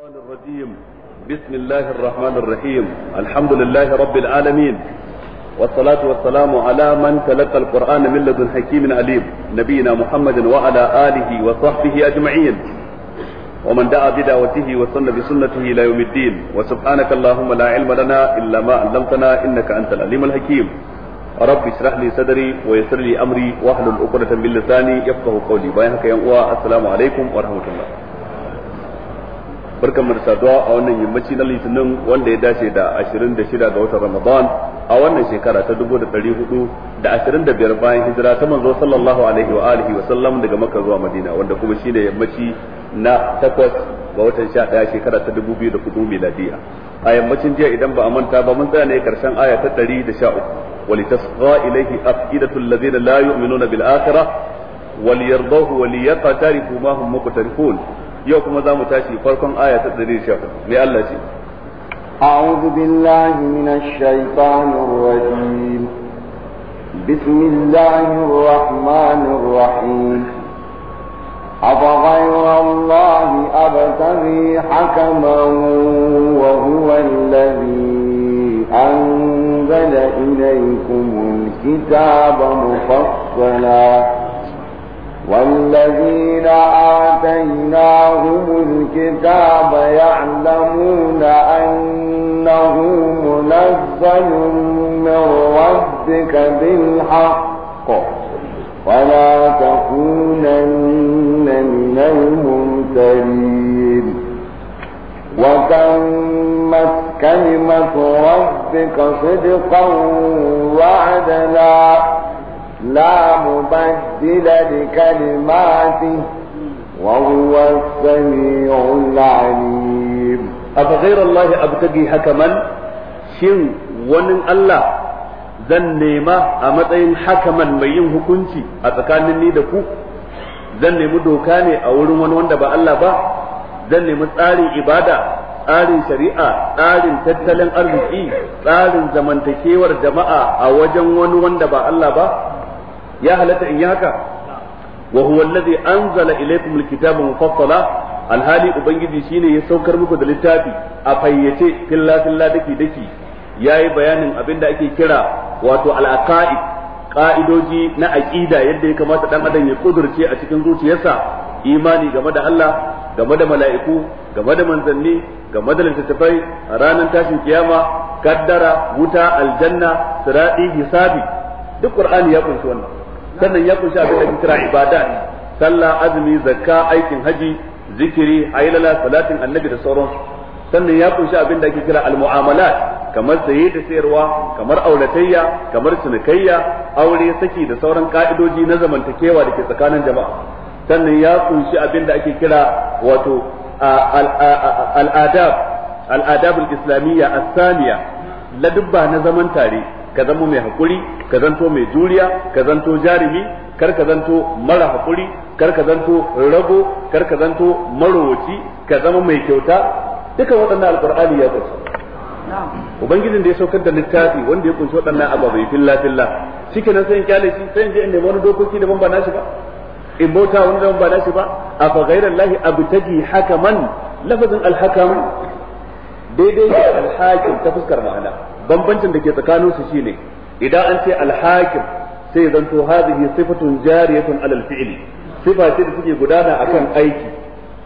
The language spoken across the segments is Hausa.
الشيطان الرجيم بسم الله الرحمن الرحيم الحمد لله رب العالمين والصلاة والسلام على من تلقى القرآن من لدن حكيم عليم نبينا محمد وعلى آله وصحبه أجمعين ومن دعا بدعوته وسن بسنته إلى يوم الدين وسبحانك اللهم لا علم لنا إلا ما علمتنا إنك أنت العليم الحكيم رب اشرح لي صدري ويسر لي أمري واحلل عقدة من لساني يفقه قولي بايعك يا السلام عليكم ورحمة الله barkan mu da saduwa a wannan yammaci na litinin wanda ya dace da 26 ga watan Ramadan a wannan shekara ta 1425 bayan hijira ta manzo sallallahu alaihi wa alihi wa sallam daga Makka zuwa Madina wanda kuma shine yammaci na takwas ga watan 11 shekara ta 2004 miladiya a yammacin jiya idan ba a manta ba mun tsaya ne karshen aya ta 113 walitasqa ilayhi afidatul ladina bil وليرضوه وليقترفوا ما هم مقترفون yau kuma za mu tashi farkon aya ta 114 أعوذ بالله من الشيطان الرجيم بسم الله الرحمن الرحيم أفغير الله أبتغي حكما وهو الذي أنزل إليكم الكتاب مفصلا والذين آتيناهم الكتاب يعلمون أنه منزل من ربك بالحق ولا تكونن من الممتلين وتمت كلمة ربك صدقا وعدلا لا مبدل لكلماته وهو السميع العليم أفغير الله أبتغي حكما شن الله zan nema a matsayin hakaman mai yin hukunci a tsakanin ni da ku zan nemi doka ne a wurin wani wanda ba Allah ba zan nemi tsarin ibada tsarin shari'a tsarin tattalin arziki tsarin zamantakewar jama'a a wajen wani wanda ba Allah ba ya halatta in yi haka wa huwa allazi anzala ilaykum alhali ubangiji shine ya saukar muku da littafi a fayyace filla filla daki yayi bayanin abin da ake kira wato ka'idoji na aqida yadda ya kamata dan adam ya kudurce a cikin zuciyarsa imani game da Allah game da mala'iku game da manzanni game da littattafai ranar tashin kiyama kaddara wuta aljanna sirati hisabi duk qur'ani ya kunshi wannan sannan ya kunshi abin da ake kira ibada, sallah azumi zakka aikin haji zikiri aylala salatin annabi da sauransu sannan ya kunshi abin da ake kira almu'amalat kamar saye da sayarwa kamar auratayya kamar cinikayya aure saki da sauran ka'idoji na zamantakewa da ke tsakanin jama'a sannan ya kunshi abin da ake kira wato al'adab al'adab al-islamiyya as-samiya ladubba na zaman tare ka zama mai hakuri ka zanto mai juriya ka zanto jarumi kar ka zanto mara hakuri kar ka zanto rago kar ka zanto marowaci ka zama mai kyauta duka waɗannan alƙur'ani ya kunsa ubangijin da ya saukar da littafi wanda ya kunshi waɗannan ababai filla filla shikenan sai in kyale shi sai in je in nemi wani dokoki da ban ba ba in bauta wani da ban ba nashi ba afa ghayra allahi abtaji hakaman lafazin alhakam daidai da alhakim ta fuskar ma'ana bambancin da ke tsakanin su shine idan an ce alhakim sai zanto hadhihi sifatun jariyatun alal fi'li sifa ce da take gudana akan aiki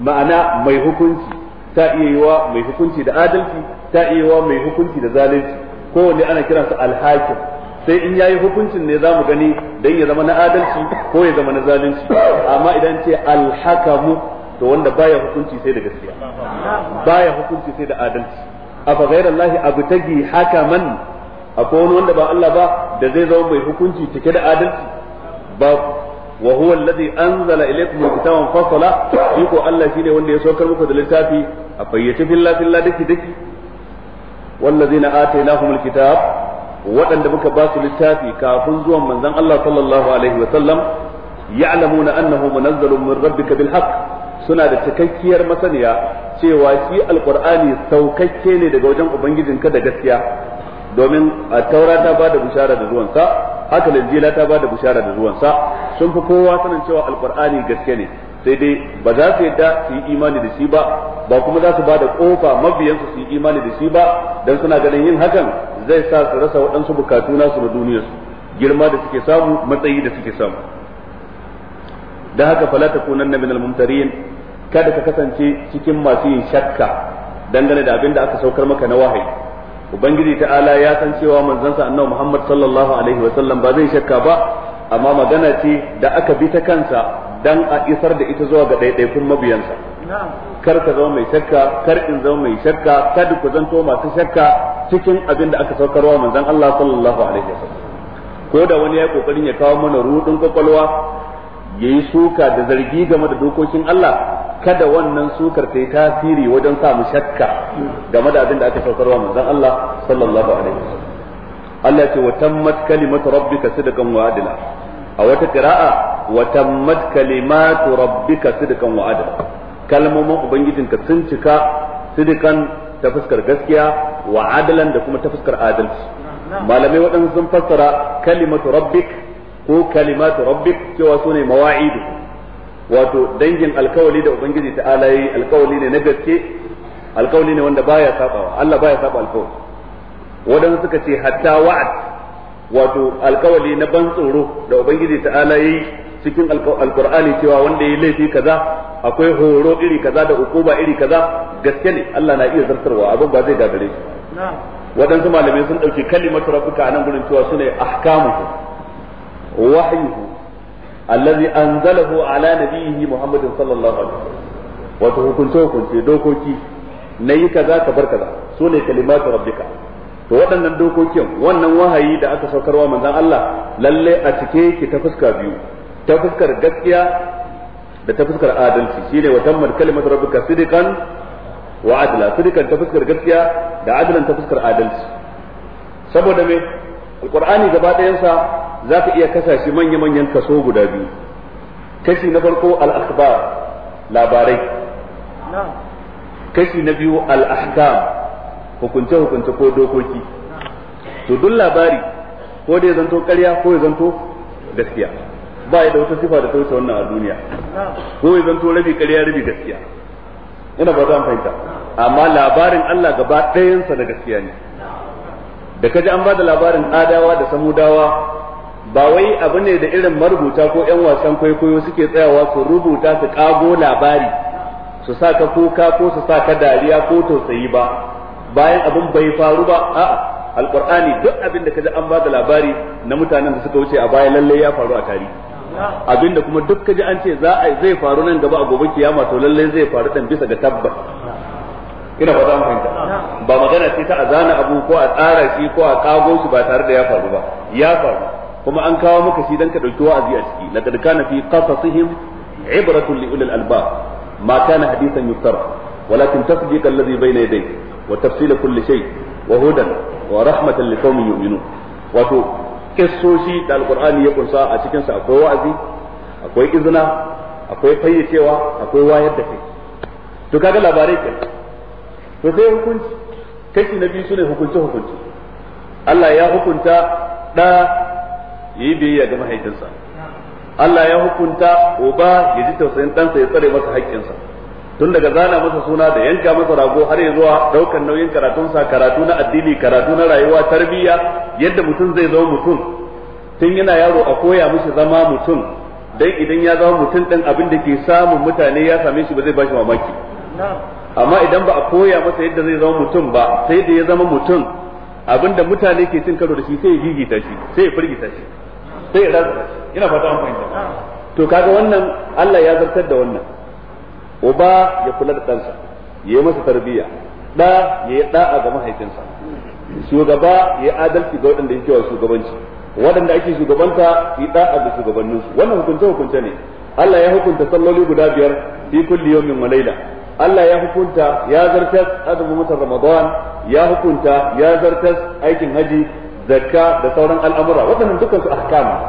ma'ana mai hukunci ta iya yiwa mai hukunci da adalci ta iya yiwa mai hukunci da zalunci kowanne ana su alhakim sai in yayi hukuncin ne zamu gani dan ya zama na adalci ko ya zama na zalunci amma idan ce alhakamu to wanda baya hukunci sai da gaskiya baya hukunci sai da adalci afa ghairallahi abtagi hakaman akwai wani wanda ba Allah ba da zai zama mai hukunci cike da adalci babu وهو الذي انزل اليكم الكتاب مفصلا يقول الله شيء wanda ya saukar muku da littafi a fayyace filla filla dake dake wallazina atainahum alkitab waɗanda muka ba su littafi kafin zuwan manzon Allah sallallahu alaihi wa sallam ya'lamuna annahu munazzalun min rabbika bil haqq suna da cikakkiyar masaniya cewa shi alqur'ani saukakke ne daga wajen ubangijinka da gaskiya domin a taura ta bada bushara da zuwansa haka linjila ta bada bushara da zuwansa sun fi kowa sanin cewa alqur'ani gaske ne sai dai ba za su yadda su yi imani da shi ba ba kuma za su ba da kofa mabiyansu su yi imani da shi ba dan suna ganin yin hakan zai sa su rasa waɗansu bukatu su na duniyarsu girma da suke samu matsayi da suke samu Da haka fala takunanna minal mumtarin kada ka kasance cikin masu yin shakka dangane da abin da aka saukar maka na wahayi ubangiji ta'ala ya san cewa manzansa annabi Muhammad sallallahu alaihi wa sallam ba zai shakka ba amma magana ce da aka bi ta kansa dan a isar da ita zuwa ga ɗaiɗaikun mabiyansa kar ka zama mai shakka kar in zama mai shakka kad ku zanto masu shakka cikin abin da aka saukarwa manzon Allah sallallahu alaihi wa sallam ko da wani ya kokarin ya kawo mana rudin kwakwalwa yayi suka da zargi game da dokokin Allah kada wannan sukar ta yi tasiri wajen samu shakka game da abin da aka saukarwa manzon Allah sallallahu alaihi wasallam Allah ce wa tammat kalimatu rabbika sidqan wa adla a wata qira'a wa tammat kalimatu rabbika sidqan wa adla kalmomin ubangijinka sun cika sidqan ta fuskar gaskiya wa adlan da kuma ta fuskar adalci malamai waɗansu sun fassara kalimatu rabbika ko kalimatu rabbik cewa sune mawa'idu wato dangin alkawali da ubangiji ta alayi alkawali ne na gaske alkawali ne wanda baya sabawa Allah baya saba alkawali wadanda suka ce hatta wa'ad wato alkawali na ban tsoro da ubangiji ta alayi cikin alkur'ani cewa wanda ya laifi kaza akwai horo iri kaza da ukuba iri kaza gaske ne Allah na iya zartarwa abin ba zai gagare shi waɗansu malamai sun ɗauki kalimatu rabbuka a nan gurin cewa sune ahkamuhu wahyuhu an anzalahu ala nabiyhi muhammadin sallallahu alaihi wasallam wato hukunce hukunce dokoki na yi kaza ka bar kaza su ne kalimatu rabbika to waɗannan dokokin wannan wahayi da aka saukarwa manzon Allah lallai a cike yake ta biyu gaskiya da ta adalci shine wa tammat kalimatu rabbika sidqan wa adla sidqan ta gaskiya da adlan ta adalci saboda me alqur'ani gaba sa. za ka iya kasa shi manya-manyan kaso guda biyu kashi na farko al labarai kashi na biyu al hukunce-hukunce ko dokoki to duk labari ko da ya zanto karya, ko ya zanto gaskiya ba ya da wata sifa da ta wuce wannan a duniya ko ya zanto rabi karya, rabi gaskiya ina ba ta fahimta amma labarin Allah gaba ɗayansa da gaskiya ne da kaji an ba da labarin adawa da samudawa ba wai abu ne da irin marubuta ko yan wasan kwaikwayo suke tsayawa su rubuta su kago labari su sa ka kuka ko su sa ka dariya ko tausayi ba bayan abin bai faru ba a'a alkur'ani duk abin da kaji an ba da labari na mutanen da suka wuce a baya lallai ya faru a tarihi abinda kuma duk kaji an ce za a zai faru nan gaba a gobe kiyama to lallai zai faru dan bisa ga tabbas ina ba za mu fahimta ba magana ce ta azana abu ko a tsara shi ko a kago shi ba tare da ya faru ba ya faru kuma an kawo muka shi dan ka dauki wa'azi a ciki laqad kana fi qasasihim ibratun li ulil albab ma kana hadithan yuftara ولكن تصديق الذي بين يديه وتفصيل كل شيء وهدى ورحمة لقوم يؤمنون wato kissoshi da alkur'ani ya kunsa a cikinsa akwai wa'azi akwai izina akwai fayyacewa akwai wayar da kai to kaga labarai ke to sai hukunci kashi na biyu sune hukunce hukunci Allah ya hukunta da yayi biyayya ga mahaifinsa Allah ya hukunta uba ya ji tausayin ɗansa ya tsare masa haƙƙinsa tun daga zana masa suna da yanka masa rago har ya zuwa ɗaukar nauyin karatunsa karatu na addini karatu na rayuwa tarbiyya yadda mutum zai zama mutum tun yana yaro a koya mishi zama mutum dan idan ya zama mutum ɗin abin da ke samun mutane ya same shi ba zai bashi mamaki amma idan ba a koya masa yadda zai zama mutum ba sai da ya zama mutum abinda mutane ke cin karo da shi sai ya gigita shi sai ya firgita shi sai ya raza ina fata an fahimta to kaga wannan Allah ya zartar da wannan uba ya kula da ɗansa ya yi masa tarbiyya ɗa ya yi ɗa'a ga mahaifinsa shugaba ya adalci ga waɗanda yake wa shugabanci waɗanda ake shugabanta yi da'a ga shugabanninsu wannan hukunce hukunce ne Allah ya hukunta salloli guda biyar fi kulli yawmin wa layla Allah ya hukunta ya zartar azumin Ramadan ya hukunta ya zartar aikin haji zakka da sauran al'amura waɗannan dukkan su ahkama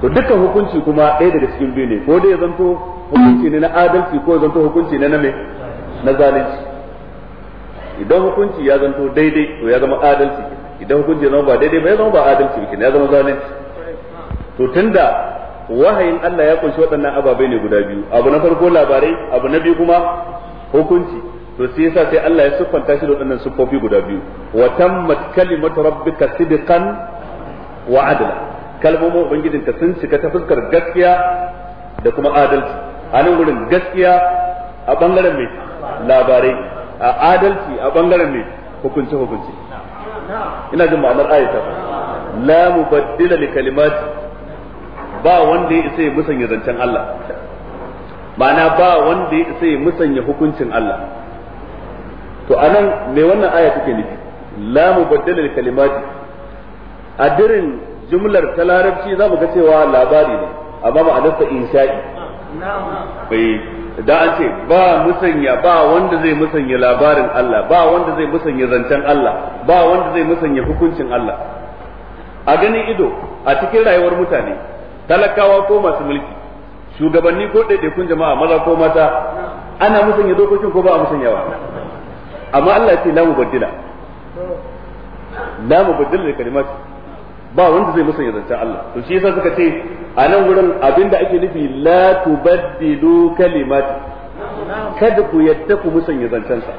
to dukkan hukunci kuma ɗaya daga cikin biyu ne ko dai zanto hukunci ne na adalci ko zanto hukunci ne na me na zalunci idan hukunci ya zanto daidai to ya zama adalci idan hukunci ya zama ba daidai ba ya zama ba adalci ba ya zama zalunci to tunda wahayin Allah ya kunshi waɗannan ababai ne guda biyu abu na farko labarai abu na biyu kuma hukunci to sai yasa sai Allah ya siffanta shi da waɗannan siffofi guda biyu wa tammat kalimatu rabbika sidqan wa adla kalmomin ubangijinka sun cika ta fuskar gaskiya da kuma adalci a nan gurin gaskiya a bangaren mai labarai a adalci a bangaren mai hukunci-hukunci. ina jin ma'anar ayata la mubaddila li kalimati ba wanda ya isa ya musanya zancen Allah ma'ana ba wanda ya isa ya musanya hukuncin Allah to anan mai wannan aya take nufi la mubaddala kalimati a dirin jumlar ta larabci za mu ga cewa labari ne amma ma'anarsa insha'i bai da an ce ba musanya ba wanda zai musanya labarin Allah ba wanda zai musanya zancen Allah ba wanda zai musanya hukuncin Allah a ganin ido a cikin rayuwar mutane talakawa ko masu mulki shugabanni ko ɗaiɗaikun jama'a maza ko mata ana musanya dokokin ko ba a musanya ba. amma Allah ce la mubaddila la mubaddila da kalimat ba wanda zai musanya zancen Allah to shi yasa suka ce a nan wurin abinda ake nufi la tubaddilu kalimat kada ku yadda ku musanya zancen sa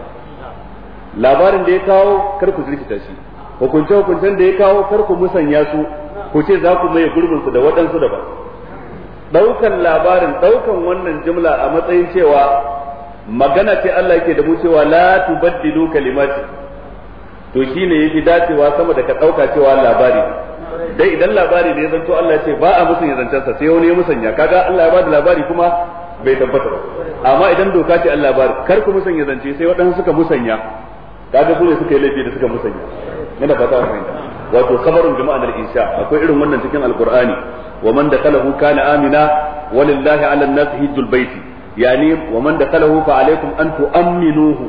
labarin da ya kawo kar ku jirkita shi hukunce hukuncen da ya kawo kar ku musanya su ku ce za ku maye gurbin su da waɗansu ba daukan labarin daukan wannan jumla a matsayin cewa magana ce Allah yake da mu cewa la tubaddilu kalimati to shine yafi dacewa sama da ka dauka cewa labari dai idan labari ne zanto Allah ce ba a musu zancensa sai wani ya musanya kaga Allah ya bada labari kuma bai tabbata ba amma idan doka ce Allah labari kar ku musanya zance sai waɗansu suka musanya kaga su ne suka yi laifi da suka musanya ina fata ku fahimta wato khabarun jama'a ma'anar insha akwai irin wannan cikin alqur'ani wa man dakalahu kana amina walillahi 'ala an-nasi baiti yani wa man dakalahu fa alaikum an tu'minuhu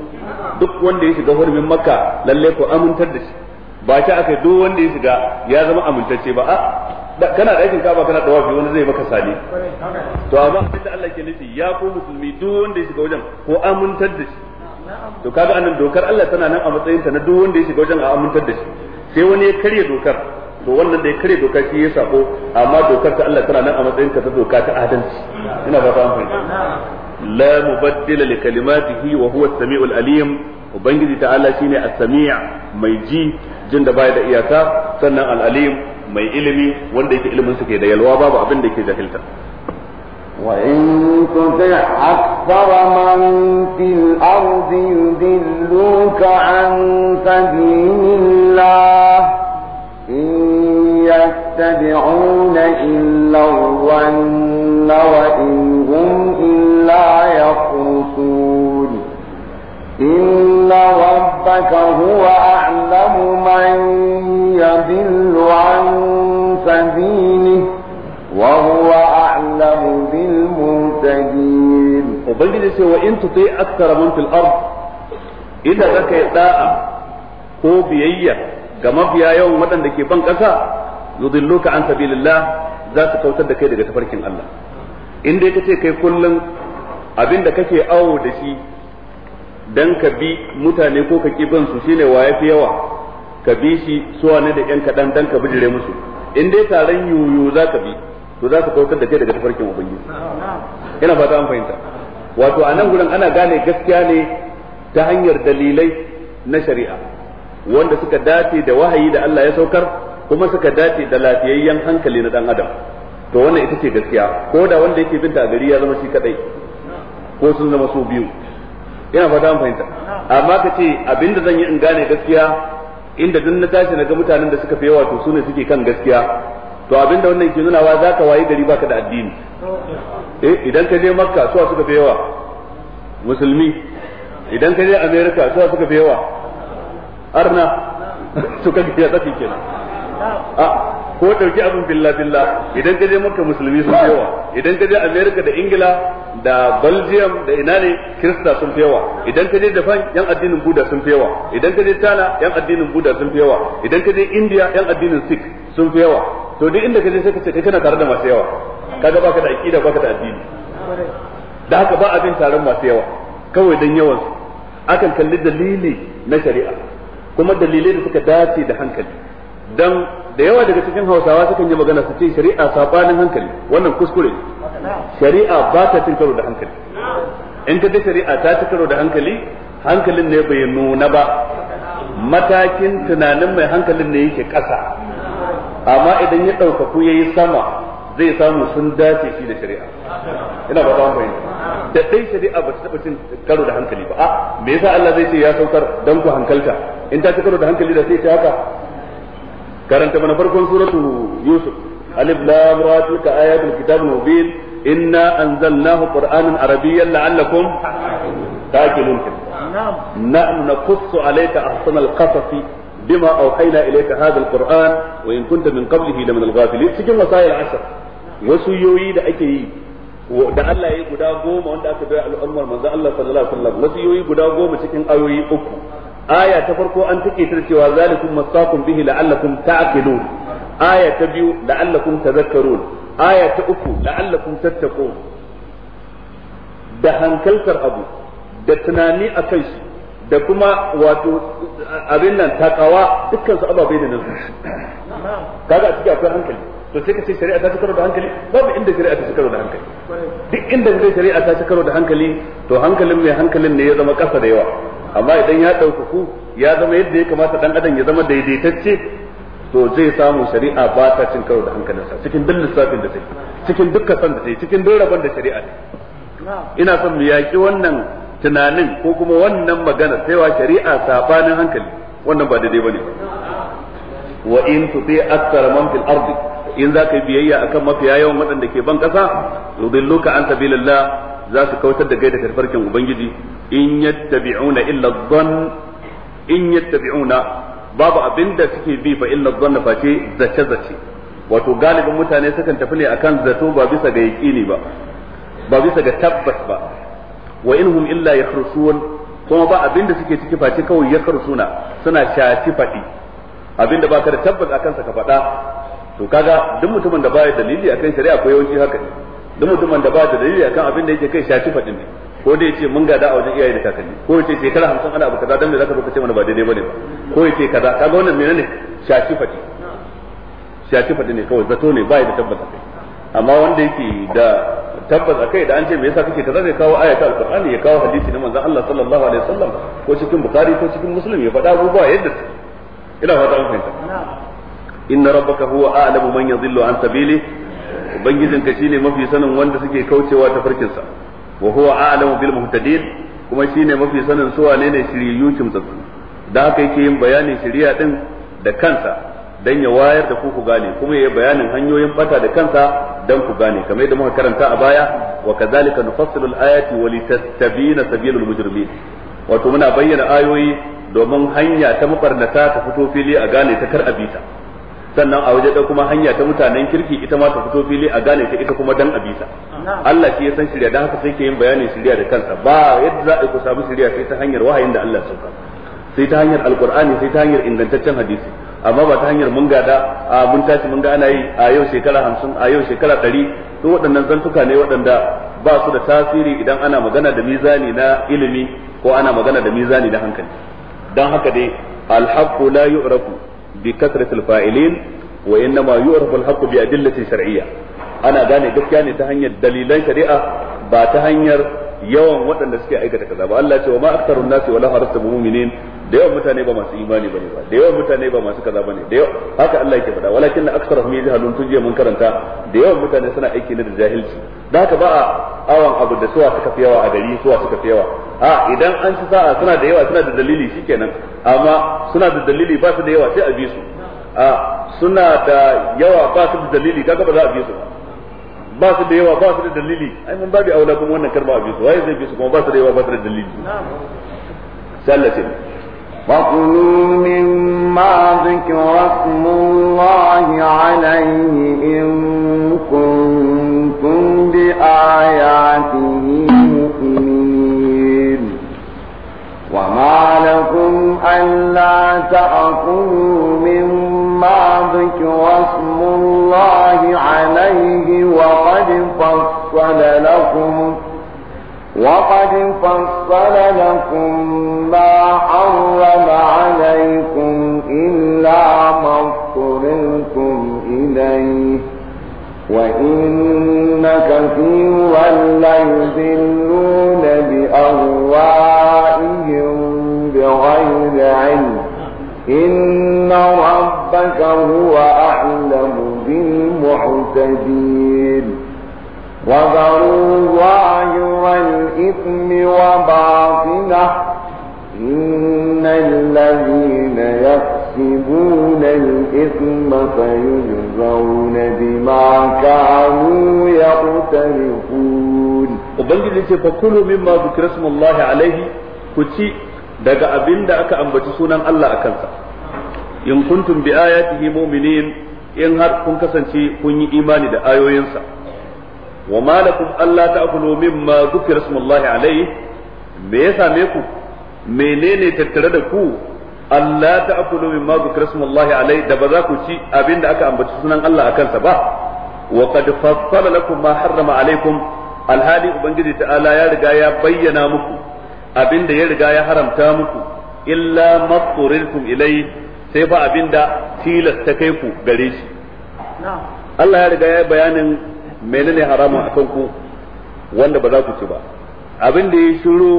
duk wanda ya shiga hurumin makka lalle ku amintar da shi ba ta aka duk wanda ya shiga ya zama amintacce ba a kana da aikin kaba kana dawafi wani zai maka sani to amma da Allah ke nufi ya ko musulmi duk wanda ya shiga wajen ko amintar da shi to kaga anan dokar Allah tana nan a matsayin ta na duk wanda ya shiga wajen a amintar da shi sai wani ya karya dokar to wannan da ya kare doka shi ya sabo amma dokar ta Allah tana nan a matsayin ta doka ta adalci ina ba ta amfani la mubaddila li kalimatihi wa huwa as-sami'ul alim ubangiji ta'ala shine as-sami' mai ji jin da baya da iyaka sannan al-alim mai ilimi wanda yake ilimin sa ke da yalwa babu abin da yake jahilta وإن تطع أكثر من في الأرض يدلوك عن سبيل الله يتبعون إلا الظن وإن هم إلا يخرصون إن ربك هو أعلم من يضل عن سبيله وهو أعلم بالمهتدين وبين وإن تطيع أكثر من في الأرض إذا ذكي da'a ko biyayya ga mafiya yawan waɗanda ke ban ƙasa yudilluka an sabilillah za su kautar da kai daga tafarkin Allah in dai kace kai kullum abinda kake awo da shi dan ka bi mutane ko ka ki bin su shine wa yafi yawa ka bi shi suwa ne da yan kadan dan ka bijire musu in dai taron yuyu za ka bi to za ka kautar da kai daga tafarkin ubangiji ina fata an fahimta wato a nan gurin ana gane gaskiya ne ta hanyar dalilai na shari'a wanda suka dace da wahayi da Allah ya saukar kuma suka dace da lafiyayyen hankali na dan adam to wannan ita ce gaskiya ko da wanda yake binta a gari ya zama shi kadai ko sun zama su biyu ina fata an fahimta amma ka ce abinda zan yi in gane gaskiya inda duk na tashi na ga mutanen da suka fi yawa to sune suke kan gaskiya to abinda wannan ke nunawa za ka wayi gari baka da addini eh idan ka je makka su suka fi yawa musulmi idan ka je america su suka fi yawa arna suka ga ya tsaki kenan a ko dauki abin billa billa idan ka je maka musulmi sun fi yawa idan ka je america da ingila da belgium da ina ne krista sun fi yawa idan ka je japan yan addinin buda sun fi yawa idan ka je china yan addinin buda sun fi yawa idan ka je india yan addinin sikh sun fi yawa to duk inda ka je sai ka ce kai kana tare da masu yawa kaga baka da aqida baka da addini da haka ba abin taron masu yawa kawai dan yawan akan kalli dalili na shari'a kuma dalilai da suka dace da hankali dan da yawa daga cikin hausawa sukan yi magana su ce shari'a sabanin hankali wannan kuskure shari'a ba ta cin karo da hankali in ka ji shari'a ta ci karo da hankali hankalin ne bai nuna ba matakin tunanin mai hankalin ne yake ƙasa amma idan ya ɗaukaku ya yi sama zai samu sun dace shi da shari'a ina ba ta fahimta da dai shari'a ba ta taɓa cin karo da hankali ba a me yasa Allah zai ce ya saukar dan ku hankalta in ta ci karo da hankali da sai ta haka karanta mana farkon suratu yusuf alif lam ra tilka ayatul kitabil mubin inna anzalnahu qur'anan arabiyyan la'allakum taqilun na'am naqussu alayka ahsanal qasasi da ake yi da Allah ya guda goma wanda aka bai al'ummar manzo Allah sallallahu alaihi wasallam guda goma cikin ayoyi uku aya ta farko an take ta cewa zalikum masaqum bihi la'allakum ta'qilun aya ta biyu la'allakum tadhakkarun aya ta uku la'allakum tattaqun da hankaltar da tunani da kuma wato abin nan takawa dukkan su ababai da nazu kaga a cikin akwai hankali to sai ka ce shari'a ta karo da hankali babu inda shari'a ta karo da hankali duk inda shari'a ta karo da hankali to hankalin mai hankalin ne ya zama kasa da yawa amma idan ya ɗaukaku ya zama yadda ya kamata dan adam ya zama daidaitacce to zai samu shari'a ba ta cin karo da hankalinsa cikin duk lissafin da take cikin dukkan san da take cikin duk rabon da shari'a ne ina son mu yaƙi wannan tunanin ko kuma wannan magana sai wa shari'a sabanin hankali wannan ba daidai bane wa in tuti aktsara man fil ardi in zaka biyayya akan mafiya yawan waɗanda ke ban ƙasa yudilluka an sabilillah za su kautar da gai daga tafarkin ubangiji in yattabi'una illa dhann in yattabi'una babu abinda suke bi fa illa dhann fa ce zace zace wato galibin mutane sukan tafi ne akan zato ba bisa ga yaqini ba ba bisa ga tabbas ba wa inhum illa yakhrusun kuma ba abinda suke ciki face kawai yakhrusuna suna shaci fadi abinda ka da tabbas akan sa ka faɗa to kaga duk mutumin da baya dalili akan shari'a ko yawanci haka ne da mutumin da ba da dalili akan abin da yake kai shafi faɗin ne ko dai ce mun gada a wajen iyaye da kakanni ko yace shekara 50 ana abu kaza dan me zaka zo ka mana ba daidai bane ba ko yace kaza kaga wannan menene shafi faɗi shafi faɗi ne kawai zato ne ba ya da tabbata kai amma wanda yake da tabbas kai da an ce me yasa kake kaza zai kawo ayatul alqur'ani ya kawo hadisi na manzon Allah sallallahu alaihi wasallam ko cikin bukhari ko cikin muslim ya faɗa abubuwa yadda su ina fata an fahimta inna rabbaka huwa a'lamu man yadhillu an sabili ubangijinka shine mafi sanin wanda suke kaucewa ta farkinsa wa huwa a'lamu bil muhtadin kuma shine mafi sanin su wane ne shiriyu kimtsatsu da haka yake yin bayanin shiriya din da kansa dan ya wayar da ku ku gane kuma yayi bayanin hanyoyin bata da kansa dan ku gane kamar yadda muka karanta a baya wa kadhalika nufassilu al-ayati wa litastabina sabilul mujrimin wato muna bayyana ayoyi domin hanya ta mafarnata ta fito fili a gane ta kar abita sannan a waje ɗaya kuma hanya ta mutanen kirki ita ma ta fito fili a gane ta ita kuma dan abisa Allah shi ya san shirya dan haka sai ke yin bayanin shirya da kansa ba yadda za a ku samu shirya sai ta hanyar wahayin da Allah sauka sai ta hanyar alqur'ani sai ta hanyar ingantaccen hadisi amma ba ta hanyar mun gada a mun tashi mun ga ana yi a yau shekara hamsin a yau shekara ɗari to waɗannan zantuka ne waɗanda ba su da tasiri idan ana magana da mizani na ilimi ko ana magana da mizani na hankali dan haka dai alhaqqu la bi fa'ilin wa innama yu'rafu al-haqqu bi ana gane gaskiya ne ta hanyar dalilan shari'a ba ta hanyar yawan waɗanda suke aikata kaza ba Allah ce wa ma mu'minin da yawan mutane ba masu imani bane ba da yawan mutane ba masu kaza bane da yawa haka Allah yake faɗa walakin aktsarahum yajhalun tun mun karanta da yawan mutane suna aiki ne da jahilci da haka ba a awan abu da suwa suka fi yawa a gari suwa suka fi yawa a idan an ci sa'a suna da yawa suna da dalili shikenan amma suna da dalili ba su da yawa sai a bi su a suna da yawa ba su da dalili kaga ba za a bi su ba su da yawa ba su da dalili ai mun babu aula kuma wannan karba a bi su wai zai bi su kuma ba su da yawa ba su da dalili sallatin فكلوا مما ذكر اسم الله عليه إن كنتم بآياته مؤمنين وما لكم ألا تأكلوا مما ذكر اسم الله عليه وقد فصل لكم وقد فصل لكم ما حرم عليكم إلا ما اضطررتم إليه وإن كثيرا ليذلون بأهوائهم بغير علم إن ربك هو أعلم بالمعتدين وذروا والإثم وباطنه إن الذين يكسبون الإثم سيجزون بما كانوا يقترفون وبنجل فكلوا مما ذكر اسم الله عليه كتي daga abin da aka ambaci sunan Allah a kansa in kuntum bi ayatihi mu'minin in har kun kasance kun yi imani da ayoyinsa wa malakum alla ta'kulu mimma dhukira smullahi alayhi me ya same ku menene tattare da ku alla ta'kulu mimma dhukira smullahi alayhi da ba za ku ci abinda aka ambaci sunan Allah akan sa ba wa qad fassala lakum ma harrama alaykum alhali ubangiji ta'ala ya riga ya bayyana muku abinda ya riga ya haramta muku illa mafturiltum ilai sai fa abinda tilasta kai ku gare shi Allah ya riga ya yi bayanin menene haramun akan ku wanda ba za ku ci ba abin da ya shiru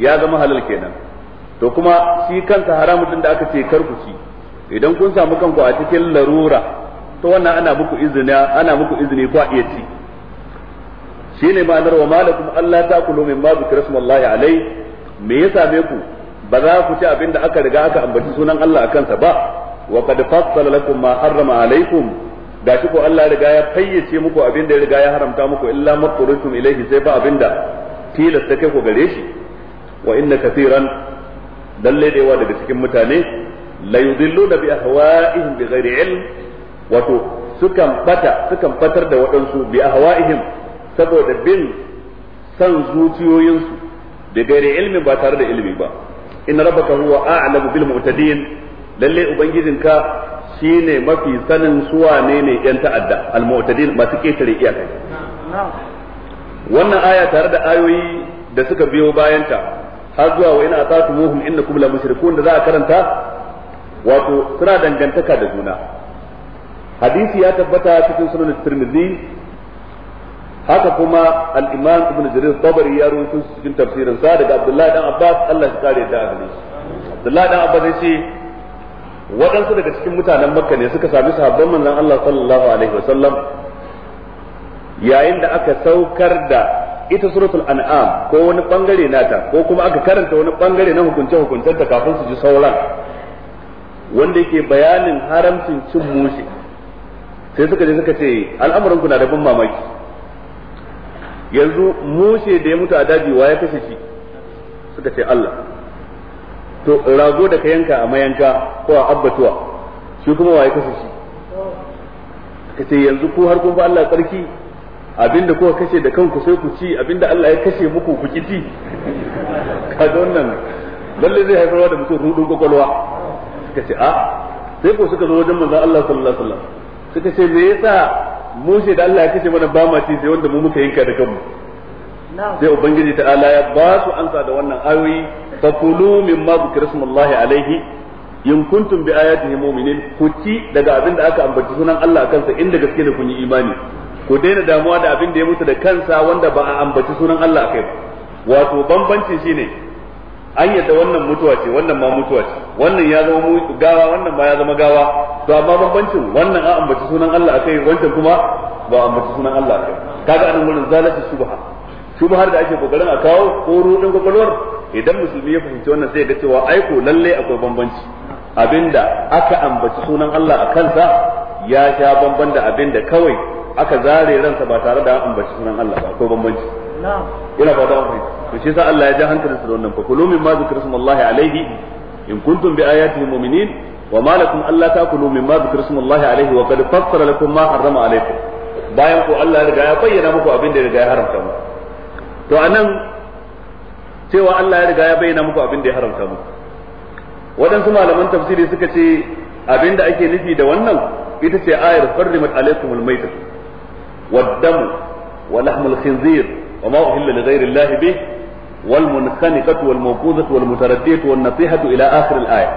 ya zama halal kenan to kuma shi kansa haramun din da aka ce kar ku ci idan kun samu kanku a cikin larura to wannan ana muku izini ana muku izini ko iya ci shine ma'anar wa malakum Allah min ma zikra smallahi alai me ya same ku ba za ku ci abin da aka riga aka ambaci sunan Allah akan sa ba wa qad fassala lakum ma harrama alaikum gashi ko Allah riga ya fayyace muku abin da ya riga ya haramta muku illa maqrutum ilayhi sai fa abin da tilasta kai ku gare shi wa inna kathiran lalle da yawa daga cikin mutane la yudilluna bi ahwa'ihim bi ghairi ilm wato sukan fata sukan fatar da waɗansu bi ahwa'ihim saboda bin san zuciyoyinsu da ghairi ilmi ba tare da ilmi ba inna rabbaka huwa a'lamu bil mu'tadin lalle ubangijinka ne mafi sanin suwa ne ne yan ta'adda al-mu'tadin masu ketare iyakai wannan aya tare da ayoyi da suka biyo bayanta har zuwa wa ina atatuhum innakum la mushrikun da za a karanta wato suna dangantaka da juna hadisi ya tabbata cikin sunan tirmidhi haka kuma al-imam ibn jarir tabari ya rawaito cikin tafsirin sa daga abdullahi dan abbas Allah ya kare da abdullahi dan abbas ya ce waɗansu daga cikin mutanen makka ne suka sami sahabban manzon Allah sallallahu alaihi wasallam yayin da aka saukar da ita suratul an'am ko wani bangare nata ko kuma aka karanta wani bangare na hukunce hukuncen ta kafin su ji sauran wanda yake bayanin haramcin cin mushi sai suka je suka ce ku na da ban mamaki yanzu mushe da ya mutu a daji wa ya kashe shi suka ce Allah to rago da ka yanka a mayanka ko a abbatuwa shi kuma waye kashe shi ka ce yanzu ko har kun ba Allah tsarki abinda kuka kashe da kanku sai ku ci abinda Allah ya kashe muku ku ci ka kaga wannan lalle zai haifarwa da mutum rudu kwakwalwa suka ce a sai ko suka zo wajen manzon Allah sallallahu alaihi wasallam suka ce me yasa mu shi da Allah ya kashe mana ba ma ci sai wanda mu muka yanka da kanmu sai ubangiji ta'ala ya ba su ansa da wannan ayoyi fakulu mimma zikra smullahi alaihi in kuntum bi ayatihi mu'minin ku ci daga abin da aka ambaci sunan Allah kansa inda gaske da kun yi imani ku daina damuwa da abin da ya mutu da kansa wanda ba a ambaci sunan Allah akai ba wato bambanci shine an yadda wannan mutuwa ce wannan ma mutuwa ce wannan ya zama gawa wannan ma ya zama gawa to amma bambancin wannan a ambaci sunan Allah akai wancan kuma ba ambaci sunan Allah akai kaga anan wurin zalatu subha shubhar da ake kokarin a kawo ko rudin kokolwar idan musulmi ya fahimci wannan sai ga cewa aiko lalle akwai bambanci abinda aka ambaci sunan Allah a kansa ya sha bamban da abinda kawai aka zare ransa ba tare da ambaci sunan Allah ba akwai bambanci ina fata an fahimci to shi yasa Allah ya ja hankalinsa da wannan fa kulu ma zikra smallahi alaihi in kuntum bi ayatihi mu'minin wa ma lakum alla ta'kulu ma zikra smallahi alaihi wa qad fassara lakum ma harrama alaikum bayan ko Allah ya riga ya bayyana muku abin da ya riga ya haramta muku to anan cewa Allah ya riga ya bayyana muku abin da ya haramta muku waɗansu malaman tafsiri suka ce abin da ake nufi da wannan ita ce ayar farrimat alaikum li ghayri llahi bih wal munkhaniqatu wal الله wal والمنخنقة wan nasihatu ila akhir al aya.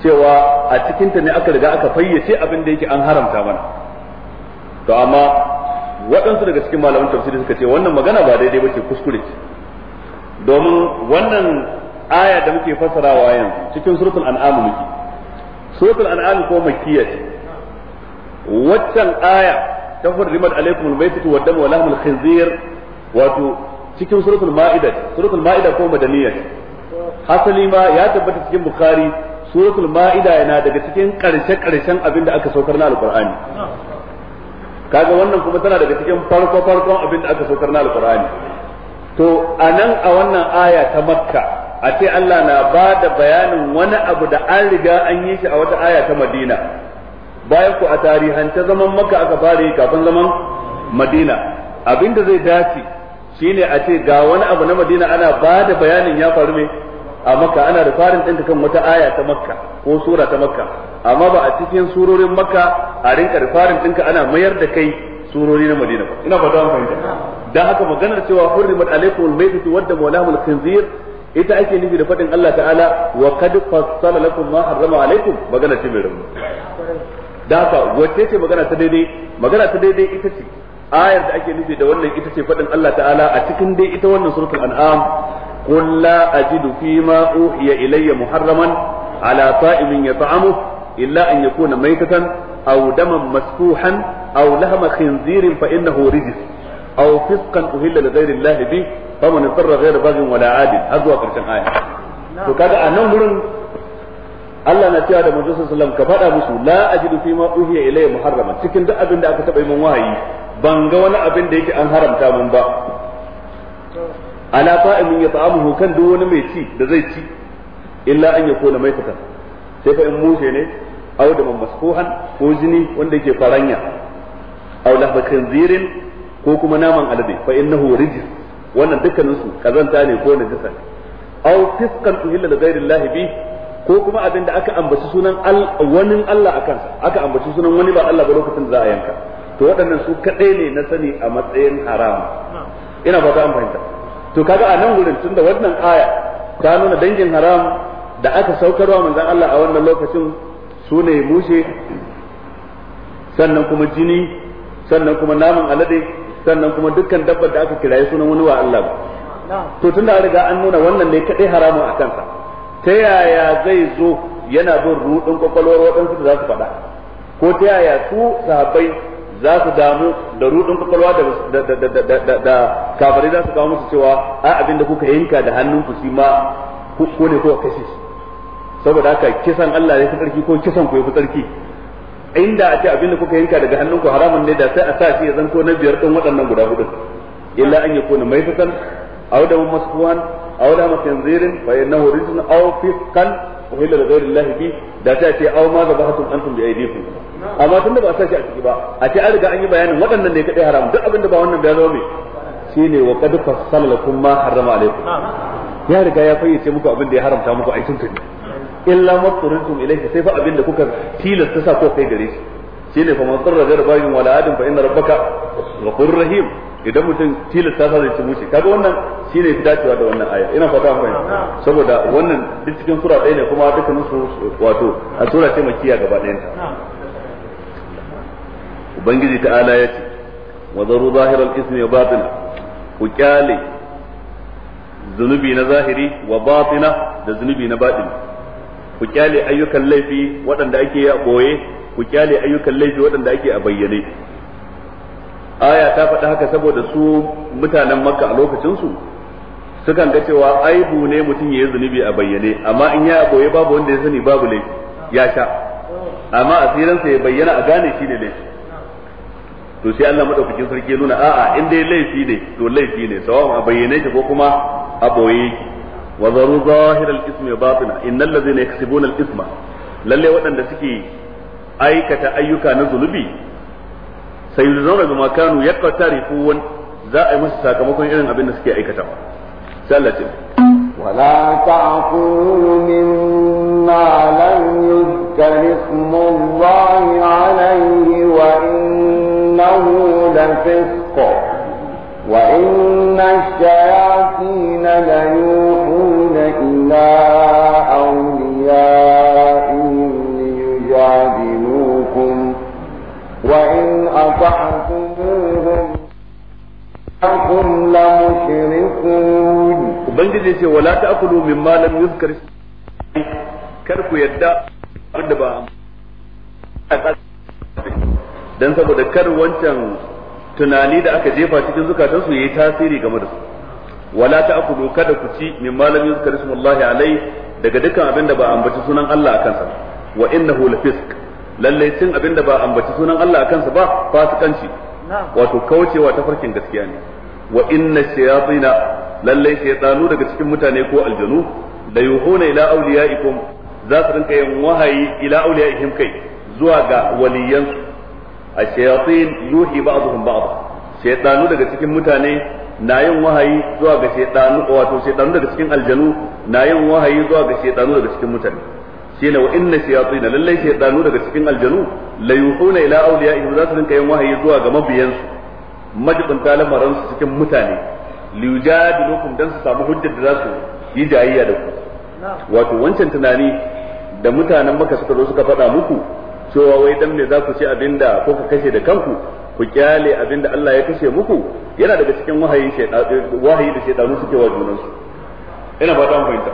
cewa a cikin ta ne aka riga aka fayyace abin da yake an haramta mana to amma waɗansu daga cikin malaman tafsiri suka ce wannan magana ba daidai ba ce kuskure domin wannan aya da muke fasarawa yanzu cikin suratul an'am muke suratul an'am ko makkiya ce waccan aya ta hurrimat alaikumul maytatu wa damu wa lahmul khinzir wato cikin suratul ma'ida suratul ma'ida ko madaniyya ce hasali ma ya tabbata cikin bukhari suratul ma'ida yana daga cikin karshe karshen abin da aka saukar na alqur'ani kaga wannan kuma tana daga cikin farko farkon abin da aka saukar na alqur'ani to a nan a wannan aya ta makka a ce Allah na ba da bayanin wani abu da an riga an yi shi a wata aya ta madina bayan ku a tarihance zaman makka aka fara yi kafin zaman madina abinda zai dace shine a ce ga wani abu na madina ana ba da bayanin ya faru ne a makka ana da farin ɗinka kan wata aya ta makka ko sura ta makka amma ba a cikin surorin makka a rinka da farin ɗinka ana mayar da kai surori na madina ina ba fahimta da haka maganar cewa hurrimat alaikumul maytatu wadda mawlahul khinzir ita ake nufi da fadin Allah ta'ala wa qad fassala lakum ma harrama alaikum magana ce mai haka wacce ce magana ta daidai magana ta daidai ita ce ayar da ake nufi da wannan ita ce fadin Allah ta'ala a cikin dai ita wannan suratul an'am قل لا أجد فيما أوحي إلي محرما على طائم يطعمه إلا أن يكون ميتة أو دما مسفوحا أو لحم خنزير فإنه رجس aw fisqan uhilla li ghairi Allah bamu faman sarra ghairi baghin wala adil har zuwa karshen aya to kaga a nan gurin Allah na cewa da manzo sallallahu ka faɗa musu la ajidu fi ma uhiya ilayya muharrama cikin duk abin da aka taɓa yi min wahayi ban ga wani abin da yake an haramta mun ba Ana ala ta'imin yata'amuhu kan duk wani mai ci da zai ci illa an yakuna maitata sai fa in mushe ne aw da masfuhan ko jini wanda yake faranya aw lahba khinzirin ko kuma naman alade fa innahu rijis wannan dukkanin su kazanta ne ko najasa aw fisqan tuhilla li ghairi Allah bi ko kuma abin da aka ambaci sunan Al wani Allah akan kansa aka ambaci sunan wani ba Allah ba lokacin da za a yanka to waɗannan su kaɗai ne na sani a matsayin haram ina ba ta an fahimta to kaga a nan gurin tunda wannan aya ta nuna dangin haram da aka saukarwa manzon Allah a wannan lokacin su ne mushe sannan kuma jini sannan kuma naman alade sannan kuma dukkan dabbar da aka kiraye sunan wani wa Allah ba to tunda an riga an nuna wannan ne kadai haramun a kansa ta yaya zai zo yana bin rudin kwakwalwar waɗansu da za su faɗa ko ta yaya su sahabbai za su damu da rudin kwakwalwa da da kafare za su kawo musu cewa a abinda da kuka yanka da hannunku shi ma ko ne ko kashe saboda haka kisan Allah ya fi tsarki ko kisan ku ya fi tsarki inda a ce abin da kuka yanka daga hannunku haramun ne da sai a sa shi ya zanto na biyar ɗin waɗannan guda hudu illa an yakuna maitatan aw da masfuhan aw da makanzirin fa innahu rijsun aw fisqan uhilla lighayri llahi bi da sai a ce aw ma zabahatum antum bi aydikum amma tunda ba a sa shi a ciki ba a ce an riga an yi bayanin waɗannan ne kadai haram duk abin da ba wannan ya zama mai shine wa qad fassala lakum ma harrama alaykum ya riga ya fayyace muku abin da ya haramta muku a cikin illa maqturitum ilayhi sai fa abinda kuka tilasta sa ko kai gare shi shine fa da sarra garbayin wala adin fa inna rabbaka ghafurur rahim idan mutum tilasta sa zai ci mushi kaga wannan shine fi dacewa da wannan aya ina fata an saboda wannan duk cikin sura ɗaya ne kuma duka musu wato a sura ce makiya gaba ɗayan ta ubangiji ta'ala ya ce wa zaru zahiral ismi wa batina ku kyale zunubi na zahiri wa batina da zunubi na batini ku kyale ayyukan laifi waɗanda ake yi a ɓoye ku kyale ayyukan laifi waɗanda ake a bayyane aya ta faɗi haka saboda su mutanen makka a lokacinsu sukan ga cewa aibu ne mutum ya yi zunubi a bayyane amma in ya ɓoye babu wanda ya sani babu laifi ya sha amma asirinsa ya bayyana a gane shi ne laifi to sai Allah madaukakin sarki nuna a'a in dai laifi ne to laifi ne sawa a bayyane shi ko kuma a ɓoye wa zaru isma al-ismi wa batina na ladzina yaksibuna al-isma lallai waɗanda suke aikata ayyuka na zunubi sai zauna bima kanu yaqtarifun za a yi musu sakamakon irin abin da suke aikatawa sai Allah ce ولا تأكلوا مما لم يذكر اسم الله عليه وإنه لفسق وإن الشياطين ليوحى إلى ce wala ta akulu min malam yuzkar kar ku yadda wanda ba dan saboda kar wancan tunani da aka jefa cikin zukatansu yayi tasiri game da su wala ta'kulu kada ku ci min malamin yuzkar ismullahi alai daga dukkan abinda ba ambaci sunan Allah akan sa wa innahu lafisq lalle cin abinda ba ambaci sunan Allah a kansa ba fasikanci wato kaucewa ta farkin gaskiya ne wa inna shayatina lalle shaytanu daga cikin mutane ko aljanu da yuhuna ila awliyaikum za su rinka yin wahayi ila awliyaihim kai zuwa ga waliyansu a shayatin yuhi ba'dhum ba'd shaytanu daga cikin mutane na yin wahayi zuwa ga shaytanu wato shaytanu daga cikin aljanu na yin wahayi zuwa ga shaytanu daga cikin mutane ne wa inna shayatin lallai shaytanu daga cikin aljanu la yuhuna ila in za su rinka yin wahayi zuwa ga mabiyansu majibin lamarin su cikin mutane liyujadilukum dan su samu hujjar da za su yi jayayya da ku wato wancan tunani da mutanen maka suka zo suka faɗa muku cewa wai dan me za ku ci abinda ko ka kashe da kanku ku kyale abin da Allah ya kashe muku yana daga cikin wahayi wahayi da shaidanu suke wa junansu ina ba ta fahimta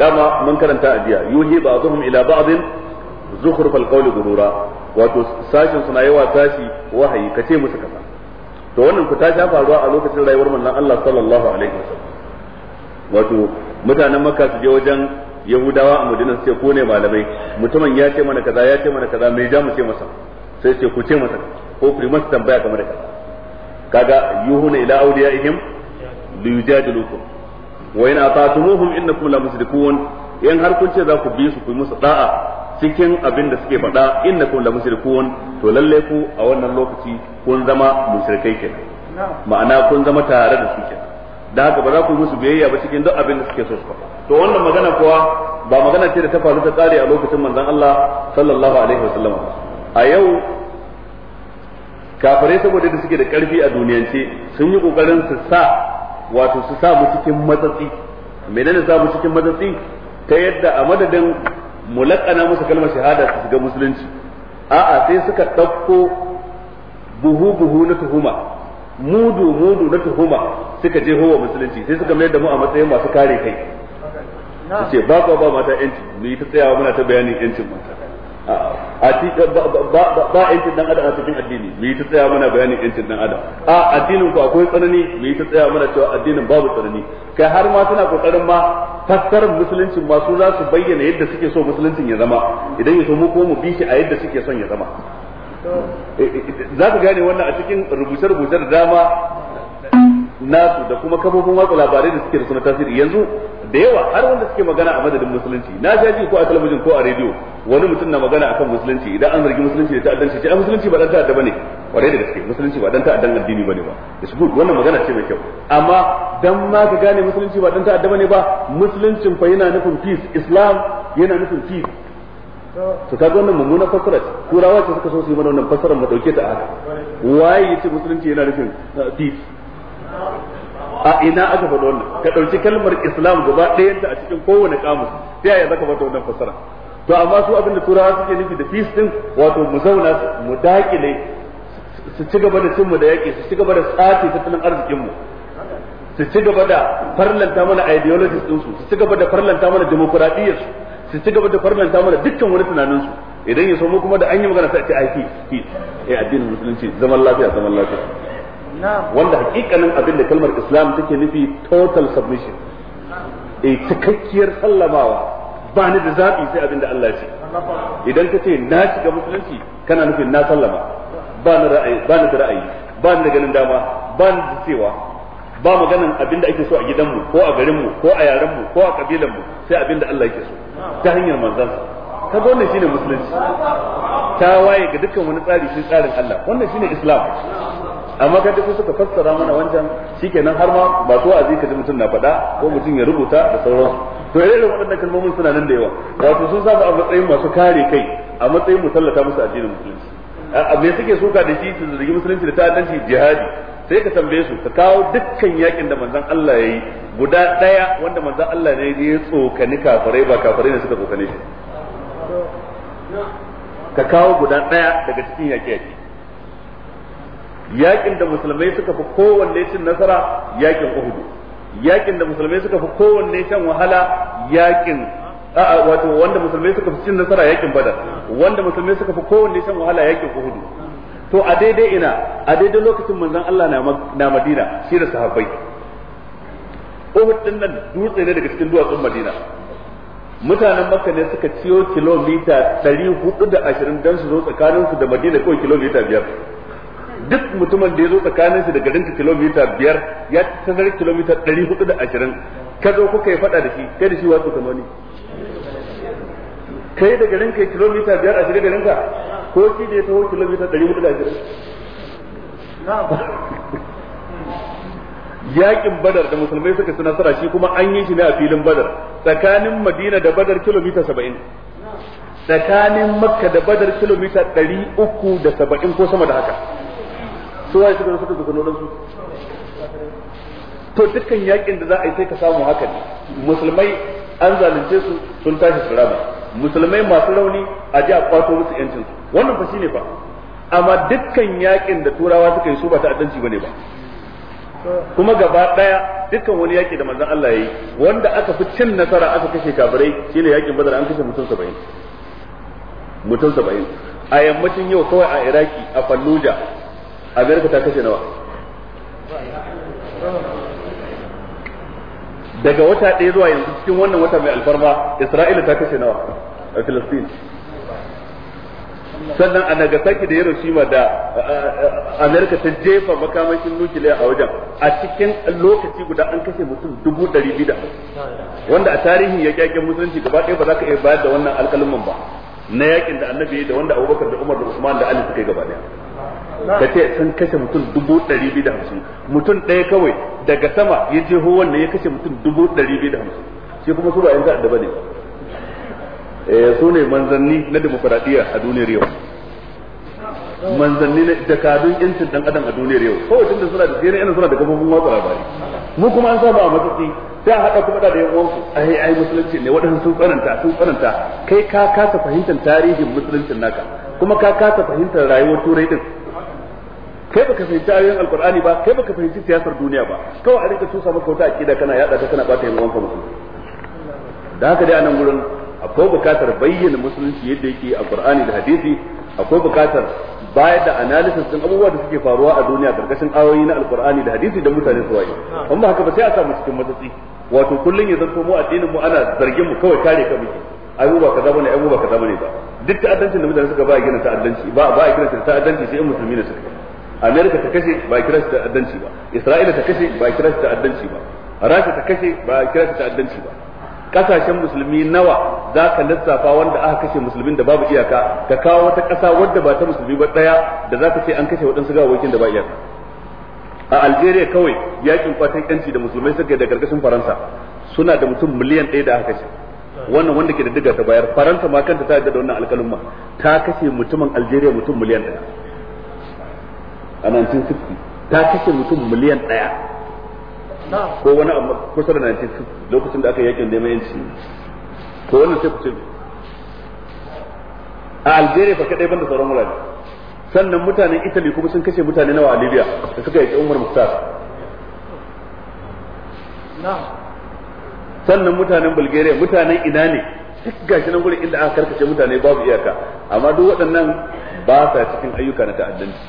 dama mun karanta a jiya yuhi ba'dhum ila ba'dhin zukhruf al-qawl gurura wato sashin suna yawa tashi wahayi kace musu kasa to wannan ku ta sha faruwa a lokacin rayuwar manzon Allah sallallahu alaihi wasallam wato mutanen makka su je wajen yahudawa a madina su ce ko ne malamai mutumin ya ce mana kaza ya ce mana kaza mai ja mu ce masa sai ce ku ce masa ko ku masa tambaya game da kaza kaga yuhuna ila awliyaihim li yujadilukum wa in ata'tumuhum innakum la musrikun in har kun ce za ku bi su ku musu da'a cikin abin da suke faɗa innakum la musrikun to lalle ku a wannan lokaci kun zama musrikai kenan ma'ana kun zama tare da su kenan da haka ba za ku musu biyayya ba cikin duk abin da suke so su faɗa to wannan magana kuwa ba magana ce da ta faru ta tsare a lokacin manzon Allah sallallahu alaihi wasallam a yau kafirai saboda da suke da karfi a duniyance sun yi kokarin su sa wato su sa mu cikin matsatsi menene sa mu cikin matsatsi ta yadda a madadin mulakana musu kalmar shahada su ga musulunci a'a sai suka ɗauko buhu buhu na tuhuma mudu mudu na tuhuma suka je wa musulunci sai suka mayar da mu a matsayin masu kare kai su ce ba ba mata yanci mu yi ta tsayawa muna ta bayanin yancin mata ba yancin dan adam a cikin addini mu yi ta tsaya mana bayanin yancin dan adam a addinin ku akwai tsanani mu yi ta tsaya mana cewa addinin babu tsanani kai har ma suna kokarin ma fassarar musuluncin ma su za su bayyana yadda suke so musuluncin ya zama idan ya so mu ko mu bi shi a yadda suke son ya zama eh, eh, eh, za ka gane wannan a cikin rubuce-rubuce da dama nasu da kuma kafofin watsa labarai da suke da suna tasiri yanzu da yawa har wanda suke magana a madadin musulunci na sha ji ko a talabijin ko a rediyo wani mutum na magana akan musulunci idan an zargi musulunci da ta'addanci ce a musulunci ba dan ta'adda bane kware da gaske musulunci ba dan ta'addan addini bane ba da good wannan magana ce mai kyau amma dan ma ka gane musulunci ba dan ta'adda bane ba musuluncin fa yana nufin peace islam yana nufin peace to kaga wannan mummunan fassara ce turawa ce suka so su yi mana wannan fassarar mu dauke ta a haka waye yace musulunci yana nufin uh, peace a ina aka faɗi wannan ka ɗauki kalmar islam gaba ta a cikin kowane kamus ta yaya zaka bata wannan fasara to amma su abin da turawa suke nufi da peace din wato mu zauna mu daƙile su ci gaba da cin mu da yaƙi su ci gaba da tsafi tattalin arzikin mu su ci gaba da farlanta mana ideologies din su su ci gaba da farlanta mana demokradiyyar su su ci gaba da farlanta mana dukkan wani tunanin su idan ya so kuma da an yi magana sai a ce ai peace peace eh addinin musulunci zaman lafiya zaman lafiya wanda hakikanin abin da kalmar islam take nufi total submission a eh, cikakkiyar sallamawa ba ni da zaɓi sai abin da Allah ce idan ka ce na shiga musulunci kana nufin na sallama ba ni ra'ayi ba ni da ra'ayi ba ni da ganin dama ba ni da cewa ba maganan abin da ake so a gidanmu ko a garinmu ko a yarenmu ko a kabilanmu sai abin da Allah yake so ta hanyar manzansa ga wannan shine musulunci ta waye ga dukkan wani tsari shi tsarin Allah wannan shine islam amma ka duk suka fassara mana wancan shikenan har ma ba wa'azi a zika ji mutum na faɗa ko mutum ya rubuta da sauransu to irin waɗannan kalmomin suna nan da yawa wato sun saba a matsayin masu kare kai a matsayin mu tallata musu addinin musulunci a me suke suka da shi su zargi musulunci da ta'addanci jihadi sai ka tambaye su ka kawo dukkan yakin da manzon Allah yayi guda daya wanda manzon Allah ne ya tsokani kafirai ba kafirai ne suka tsokane shi ka kawo guda daya daga cikin yaki yaki yakin da musulmai suka fi kowanne cin nasara yakin Uhud yakin da musulmai suka fi kowanne shan wahala yakin a'a wato wanda musulmai suka fi cin nasara yakin Badar wanda musulmai suka fi kowanne shan wahala yakin Uhud to a daidai ina a daidai lokacin manzon Allah na Madina shi da sahabbai Uhud din nan dutse ne daga cikin duwatsun Madina mutanen makka ne suka ciyo kilomita 420 don su zo tsakaninsu da madina kawai kilomita biyar duk mutumin da ya zo tsakanin shi da garin ka kilomita biyar ya zarar kilomita ɗari hudu da ashirin ka zo kuka yi faɗa da shi kai da shi wasu kano ne kai da garin ka kilomita biyar a shirin garin ka ko shi da ya taho kilomita ɗari hudu da ashirin yakin badar da musulmai suka suna nasara shi kuma an yi shi ne a filin badar tsakanin madina da badar kilomita saba'in tsakanin makka da badar kilomita ɗari uku da saba'in ko sama da haka su waye suka rufe dukkanin su to dukkan yakin da za a yi sai ka samu haka ne musulmai an zalunce su sun tashi su rama musulmai masu rauni a ji a kwato musu yancin su wannan fa shine fa amma dukkan yakin da turawa suka yi su ba ta'addanci bane ba kuma gaba daya dukkan wani yaki da manzon Allah yayi wanda aka fi cin nasara aka kashe kafirai shine yakin badar an kashe mutum 70 mutum 70 a yammacin yau kawai a Iraki a Fallujah amerika ta kashe nawa daga wata ɗaya zuwa yanzu cikin wannan wata mai alfarma isra'ila ta kashe nawa a filistin sannan a nagasaki da hiroshima da amerika ta jefa makamashin nukiliya a wajen a cikin lokaci guda an kashe mutum dubu ɗari bida wanda a tarihin yaƙe-yaƙen musulunci gaba ɗaya ba za ka iya bayar da wannan alƙalman ba na yaƙin da annabi da wanda abubakar da umar da usman da ali suka yi gaba ɗaya ka ce sun kashe mutum dubu ɗari biyu da hamsin mutum ɗaya kawai daga sama ya je ho wannan ya kashe mutum dubu ɗari biyu da hamsin shi kuma su ba yan ta'adda ba ne eh, su ne manzanni na demokuraɗiyya a duniyar yau manzanni na jakadun yancin dan adam a duniyar yau kawai tunda suna da jere yana suna da kafofin watsa labari mu kuma an saba a matsatsi sai a haɗa kuma da yan uwansu ai ai musulunci ne waɗansu sun tsananta sun tsananta kai ka kasa fahimtar tarihin musuluncin naka kuma ka kasa fahimtar rayuwar turai din kai baka fahimci ayoyin alkur'ani ba kai baka fahimci siyasar duniya ba kawai a rinka tusa maka wata akida kana yada ta kana bata yin wanka musu da haka dai a nan gurin akwai bukatar bayyana musulunci yadda yake a qur'ani da hadisi akwai bukatar bayar da analysis din abubuwa da suke faruwa a duniya karkashin ayoyi na alkur'ani da hadisi da mutane su waye amma haka ba sai a samu cikin matsatsi wato kullun ya zanto mu addinin mu ana zargin mu kawai kare ka muke abubuwa kaza bane abubuwa kaza bane ba duk ta'addancin da mutane suka ba a gina ta'addanci ba ba a kira ta'addanci sai in musulmi ne suka Amerika ta kashe ba a kira ta'addanci ba Isra'ila ta kashe ba a kira ta'addanci ba Rasha ta kashe ba a kira ta'addanci ba kasashen musulmi nawa za ka lissafa wanda aka kashe musulmin da babu iyaka ka kawo wata ƙasa wadda ba ta musulmi ba ɗaya da za ka ce an kashe waɗansu gawakin da ba iyaka a algeria kawai yakin kwatan yanci da musulmai suka da karkashin faransa suna da mutum miliyan ɗaya da aka kashe wannan wanda ke da diga ta bayar faransa ma kanta ta yadda da wannan alkalumma ta kashe mutumin algeria mutum miliyan daya a 1960 ta kashe mutum miliyan ɗaya ko wani amma kusa da 1960 lokacin da aka yakin neman yanci ko wannan sai ku a algeria fa kadai banda sauran wurare sannan mutanen italy kuma sun kashe mutane nawa a libya da suka yaki umar muktar na'am sannan mutanen bulgaria mutanen ina ne duk gashi nan gurin inda aka karkace mutane babu iyaka amma duk waɗannan ba sa cikin ayyuka na ta'addanci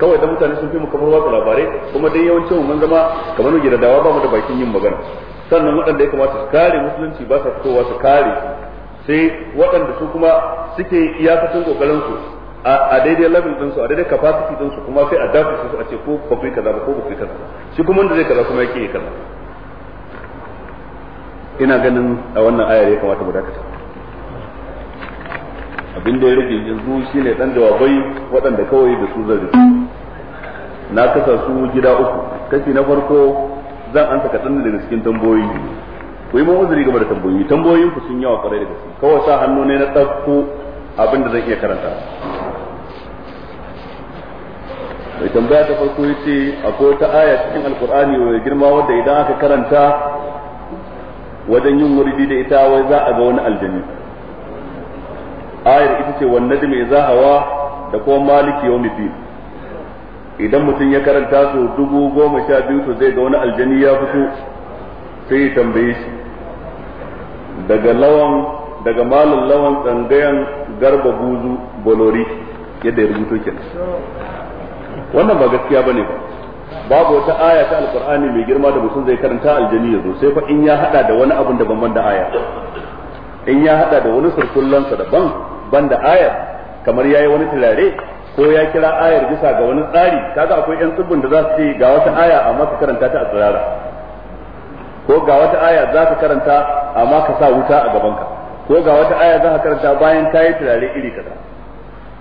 kawai da mutane sun fi mu kamar watsa labarai kuma dai yawancin mun zama kamar gida dawa ba mu da bakin yin magana sannan waɗanda ya kamata su kare musulunci ba sa fitowa su kare sai waɗanda su kuma suke iyakacin kokarin su a daidai labin ɗinsu a daidai capacity ɗinsu kuma sai a dafa su a ce ko ba kaza ba ko ba kaza shi kuma wanda zai kaza kuma yake kaza ina ganin a wannan ayar ya kamata mu dakata abin da ya rage yanzu shine dan jawabai waɗanda kawai da su zan na kasa su gida uku kashi na farko zan ansa tsanni daga cikin tambayoyi ku yi uzuri game da tambayoyi tambayoyin ku sun yawa kwarai da su kawai sa hannu ne na ɗauko abin da zan iya karanta mai tambaya ta farko ya ce akwai wata aya cikin alkur'ani mai girma wadda idan aka karanta wajen yin wurdi da ita wai za a ga wani aljani ayar ita ce wanne da mai hawa da kuma maliki yawmiddin idan mutum ya karanta su dubu goma sha biyu to zai ga wani aljani ya fito sai ya tambaye shi daga lawan daga malin lawan tsangayen garba buzu bolori yadda ya rubuto kenan wannan ba gaskiya ba ne ba babu wata aya ta alqur'ani mai girma da mutum zai karanta aljani yazo sai fa in ya hada da wani abun daban banda aya in ya hada da wani surkullan sa daban banda aya kamar yayi wani turare ko ya kira ayar bisa ga wani tsari kaga akwai yan tsibbin da za su ce ga wata aya amma ka karanta ta a tsirara ko ga wata aya za ka karanta amma ka sa wuta a gabanka ko ga wata aya za ka karanta bayan ta yi turare iri kaza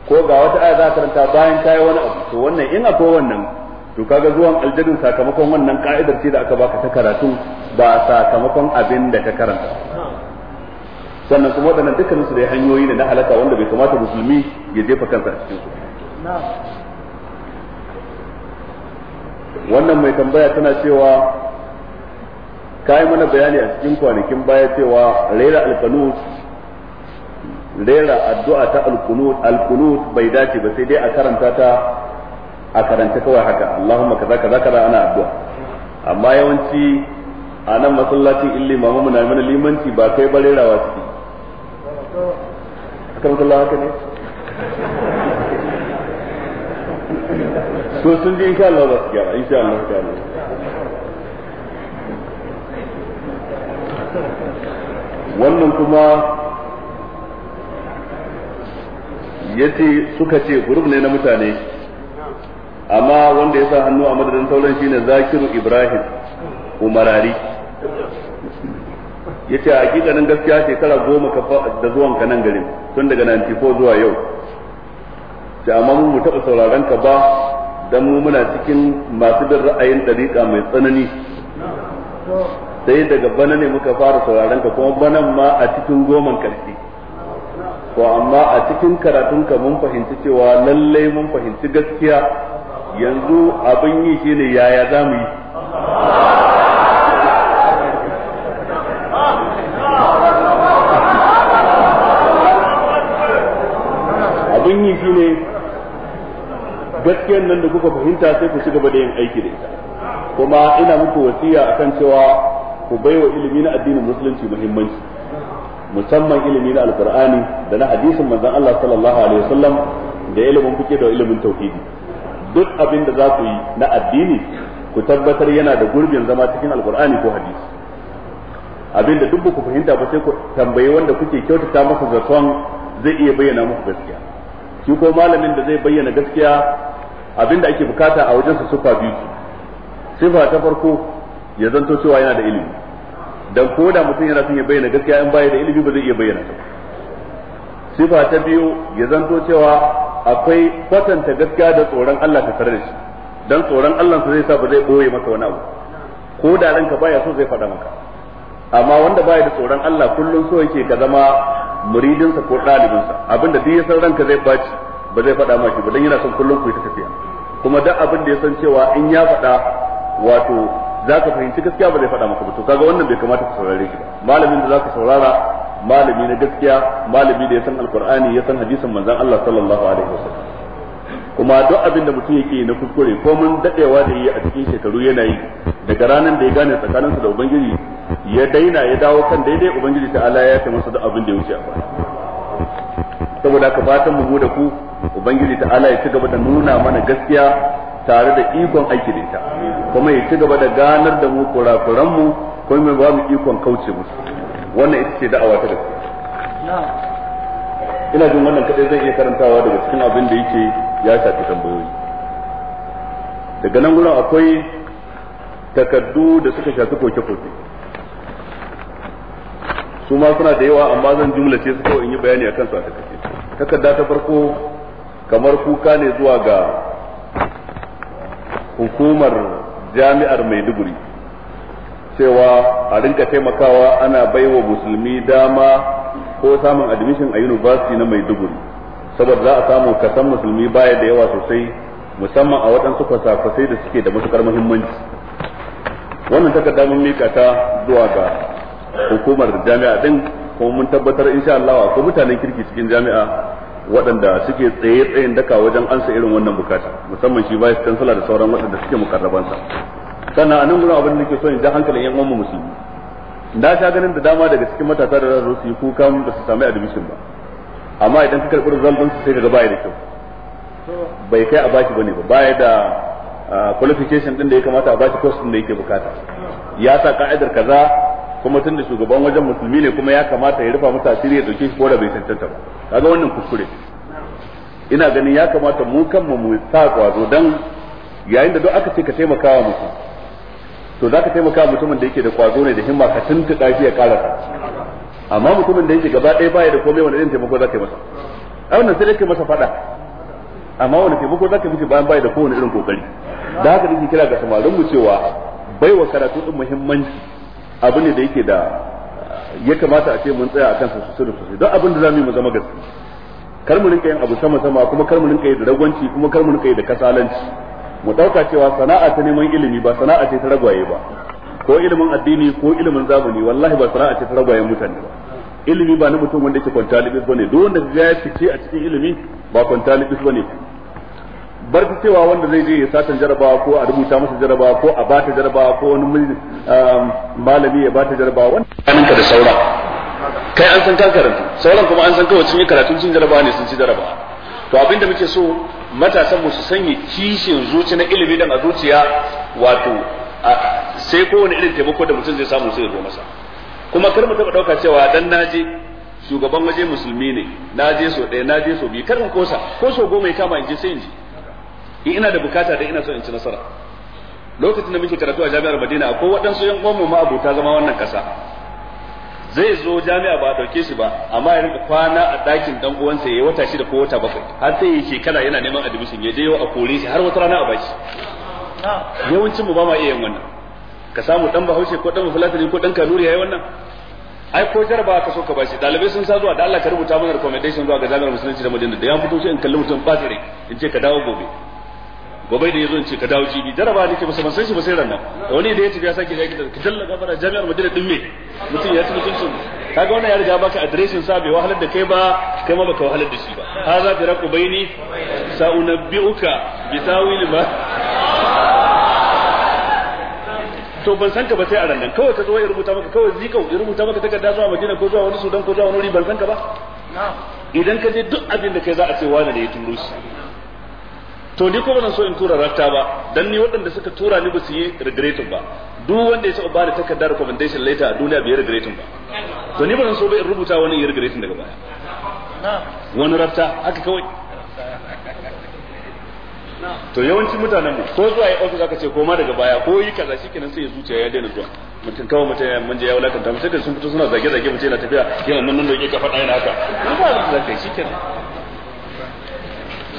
ko ga wata aya za ka karanta bayan ta yi wani abu to wannan in akwai wannan to kaga zuwan aljannin sakamakon wannan ka'idar ce da aka baka ta karatu ba sakamakon abin da ka karanta sannan kuma waɗannan dukkanin su da hanyoyi ne na halaka wanda bai kamata musulmi ya jefa kansa a cikin su wannan mai tambaya tana cewa yi mana bayani a cikin kwanakin baya cewa rera alkanut rera addu'a ta alkunut alkunut bai dace ba sai dai a karanta ta a karanta kawai haka Allahumma kaza kaza kaza ana addu'a amma yawanci a nan masallacin illi mamu na mana limanci ba kai bare rawa ciki kan kullu haka ne so sun ji insha Allah ba su gyara insha Allah ta ne wannan kuma yace suka ce gurub ne na mutane amma wanda ya sa hannu a madadin sauran shine zakiru ibrahim umarari ya ce a hakikanin gaskiya shekara goma da zuwan ka nan garin tun daga 94 zuwa yau da amma mu taɓa sauraron ka ba dan mu muna cikin masu bin ra'ayin ɗariƙa mai tsanani sai daga bana ne muka fara sauraron ka kuma bana ma a cikin goman karfi ko amma a cikin karatunka mun fahimci cewa lallai mun fahimci gaskiya yanzu abin yi ne yaya za mu yi abin yi shi ne gaskiyar nan da kuka fahimta sai ku ci gaba da yin aiki da ita kuma ina muku wasiya akan cewa ku baiwa ilimi na addinin musulunci muhimmanci musamman ilimi na alkur'ani da na hadisin manzon Allah sallallahu alaihi wasallam da ilimin kuke da ilimin tauhidi duk abin da za ku yi na addini ku tabbatar yana da gurbin zama cikin alkur'ani ko hadisi abin da duk ku fahimta ba sai ku tambaye wanda kuke kyautata masa zaton zai iya bayyana muku gaskiya shi ko malamin da zai bayyana gaskiya abin da ake bukata a wajensa sufa biyu sifa ta farko ya zanto cewa yana da ilimi dan ko da mutum yana son ya bayyana gaskiya in baya da ilimi ba zai iya bayyana ta sifa ta biyu ya zanto cewa akwai kwatanta gaskiya da tsoron Allah ta tare da shi dan tsoron Allah sa zai sa ba zai boye maka wani abu ko da ranka baya so zai faɗa maka amma wanda baya da tsoron Allah kullum so yake ka zama muridinsa ko sa abinda duk ya san ranka zai baci ba zai faɗa maki ba dan yana son kullum ku yi tafiya kuma duk abin da ya san cewa in ya faɗa wato za fahimci gaskiya ba zai faɗa maka ba to kaga wannan bai kamata ka saurare shi ba malamin da zaka saurara malami na gaskiya malami da ya san alkur'ani ya san hadisin manzon Allah sallallahu alaihi wasallam kuma duk abin da mutum yake na kuskure ko mun dadewa da yi a cikin shekaru yana yi daga ranar da ya gane tsakaninsa da ubangiji ya daina ya dawo kan daidai ubangiji ta Allah ya kai masa duk abin da ya wuce a baya saboda ka fatan mu da ku ubangiji ta Allah ya ci gaba da nuna mana gaskiya tare da ikon aiki da ita kuma ya ci gaba da ganar da mu kurakuran mu kuma ba mu ikon kauce musu wannan ita ce da'awa ta gaske ina jin wannan kaɗai zai iya karantawa daga cikin abin da yake ya shafi tambayoyi daga nan wurin akwai takaddu da suka shafi koke-koke su ma suna da yawa amma zan jumla jumlace su kawai in yi bayani akan su a takaice takarda ta farko kamar kuka ne zuwa ga hukumar jami'ar maiduguri cewa a rinka taimakawa ana baiwa musulmi dama ko samun admission a university na maiduguri saboda za a samu kasan musulmi baya da yawa sosai musamman a waɗansu kwasa da suke da matukar muhimmanci wannan takarda mun mika ta zuwa ga hukumar jami'a din kuma mun tabbatar insha Allah akwai mutanen kirki cikin jami'a waɗanda suke tsaye tsayin daka wajen ansa irin wannan bukata musamman shi vice kansala da sauran waɗanda suke mukarrabansa sannan a nan gurin abin da ke so ne dan hankalin yan uwan musulmi na sha ganin da dama daga cikin matasa da za su yi kuka ba su sami admission ba amma idan ka karɓi zalbin su sai ka baya da kyau bai kai a bashi bane ba baya da qualification din da ya kamata a bashi course din da yake bukata ya sa ka'idar kaza kuma tun da shugaban wajen musulmi ne kuma ya kamata ya rufa masa asiri ya dauke shi ko da bai tantance ba kaga wannan kuskure ina ganin ya kamata mu kanmu mu sa kwazo dan yayin da duk aka ce ka taimakawa mutum to zaka taimaka mutumin da yake da kwazo ne da himma ka tuntuɗa shi ya karasa amma mutumin da yake gaba ɗaya baya da komai wanda irin taimako zaka yi masa a wannan sai dai masa fada amma wani taimako zaka yi bayan baya da kowane irin kokari da haka nake kira ga samarin mu cewa baiwa karatu din muhimmanci abu ne da yake da ya kamata a ce mun tsaya akan su sosai don abin da zamu yi mu zama gaskiya kar mu rinka yin abu sama sama kuma kar mu rinka yi da ragwanci kuma kar mu rinka yi da kasalanci mu dauka cewa sana'a ta neman ilimi ba sana'a ce ta ragwaye ba ko ilimin addini ko ilimin zamani wallahi ba sana'a ce ta ragwaye mutane ba ilimi ba na mutum wanda yake kwanta libis bane duk wanda ga ya fice a cikin ilimi ba kwanta libis bane bar ta cewa wanda zai je ya satan jarabawa ko a rubuta masa jarabawa ko a bata jarabawa ko wani um, malami ya bata jarabawa wanda ka da saura kai an san ka karanta sauran kuma an san kawai sun yi karatun sun jarabawa ne sun ci jarabawa to abinda muke so matasan mu su sanya kishin zuci na ilimi dan a zuciya wato sai kowane irin taimako da mutum zai samu sai ya zo masa kuma kar mu taba dauka cewa dan naje shugaban waje musulmi ne naje so ɗaya naje so biyu kar mu kosa ko so goma ya kama in je sai in ji in ina da bukata da ina so in ci nasara lokacin da muke karatu a jami'ar Madina akwai waɗansu yan uwan mu ma abota zama wannan ƙasa zai zo jami'a ba a dauke shi ba amma ya rinka kwana a dakin dan uwansa yayi wata shida ko wata bakwai har sai yi shekara yana neman admission ya je yau a kore shi har wata rana a bashi yawancin mu ba ma iya yin wannan ka samu dan bahaushe ko dan fulatani ko dan kanuri yayi wannan ai ko jarba ka so ka bashi dalibai sun sa zuwa da Allah ka rubuta mana recommendation zuwa ga jami'ar musulunci da Madina da ya fito shi in kalli mutum ba tare in ce ka dawo gobe gobe da yazo in ce ka dawo jibi jaraba nake ba san shi ba sai ran wani da ya tafi ya sake jaki da ka tallaka fara jami'ar Madina din me mutum ya ci mutuncin kaga wannan ya riga baka adireshin sa bai wahalar da kai ba kai ma baka wahalar da shi ba ha za ta raku baini sa'unabbi'uka bi tawil ma to ban san ka ba sai a rannan kawai ka zo ya rubuta maka kawai zikau ya rubuta maka takarda zuwa Madina ko zuwa wani Sudan ko zuwa wani wuri ban san ka ba idan ka je duk abin da kai za a ce wani ne ya turo shi to ni ko ban so in tura rata ba dan ni waɗanda suka tura ni ba su yi regretin ba duk wanda ya taɓa ba da takardar recommendation later a duniya bai regretin ba to ni ba so bai rubuta wani ya regretin daga baya wani rafta haka kawai to yawancin mutanen mu ko zuwa ya ofis aka ce ko ma daga baya ko yi kaza kenan sai ya zuciya ya daina zuwa mutum kawai mutum ya manje ya wulakanta mu sai sun fito suna zage zage ce na tafiya yana nan nan da yake kafa ɗaya na haka na ba da shi kenan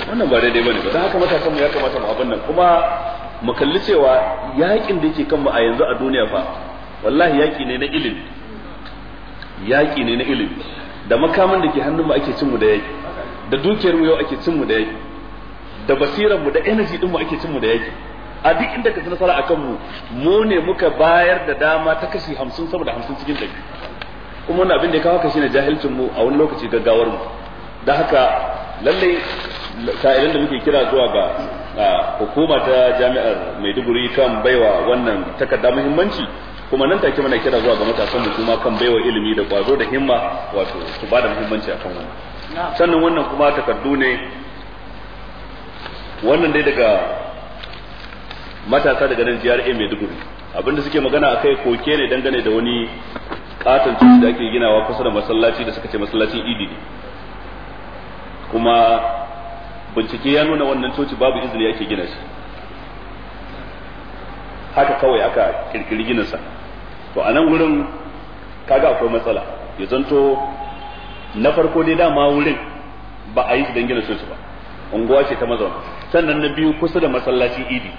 wannan ba daidai bane ba don haka matasan mu ya kamata mu abin nan kuma mu kalli cewa yakin da yake kanmu a yanzu a duniya fa wallahi yaki ne na ilimi yaki ne na ilimi da makaman da ke hannun mu ake cin mu da yaki da dukiyar mu yau ake cin mu da yaki da basirar mu da energy din mu ake cin mu da yaki a duk inda ka ci nasara akan mu mu ne muka bayar da dama ta kashi 50 saboda 50 cikin dabi. kuma wannan abin da ya kawo ka shine jahilcin mu a wani lokaci gaggawar mu da haka lalle sa'ilan da muke kira zuwa ga hukuma ta jami'ar Maiduguri kan baiwa wannan takarda muhimmanci kuma nan take muna kira zuwa ga matasan mu kuma kan baiwa ilimi da kwazo da himma wato su bada muhimmanci akan wannan sannan wannan kuma takardu ne wannan dai daga matasa daga nan jihar Maiduguri abinda suke magana akai koke ne dangane da wani katon cikin da ake ginawa kusa da masallaci da suka ce masallacin idi ne kuma bincike ya nuna wannan coci babu izini yake gina shi haka kawai aka kirkiri ginansa to a nan wurin kaga akwai matsala ya zanto na farko dai dama wurin ba a yi su don gina coci ba unguwa ce ta mazauna sannan na biyu kusa da masallaci idi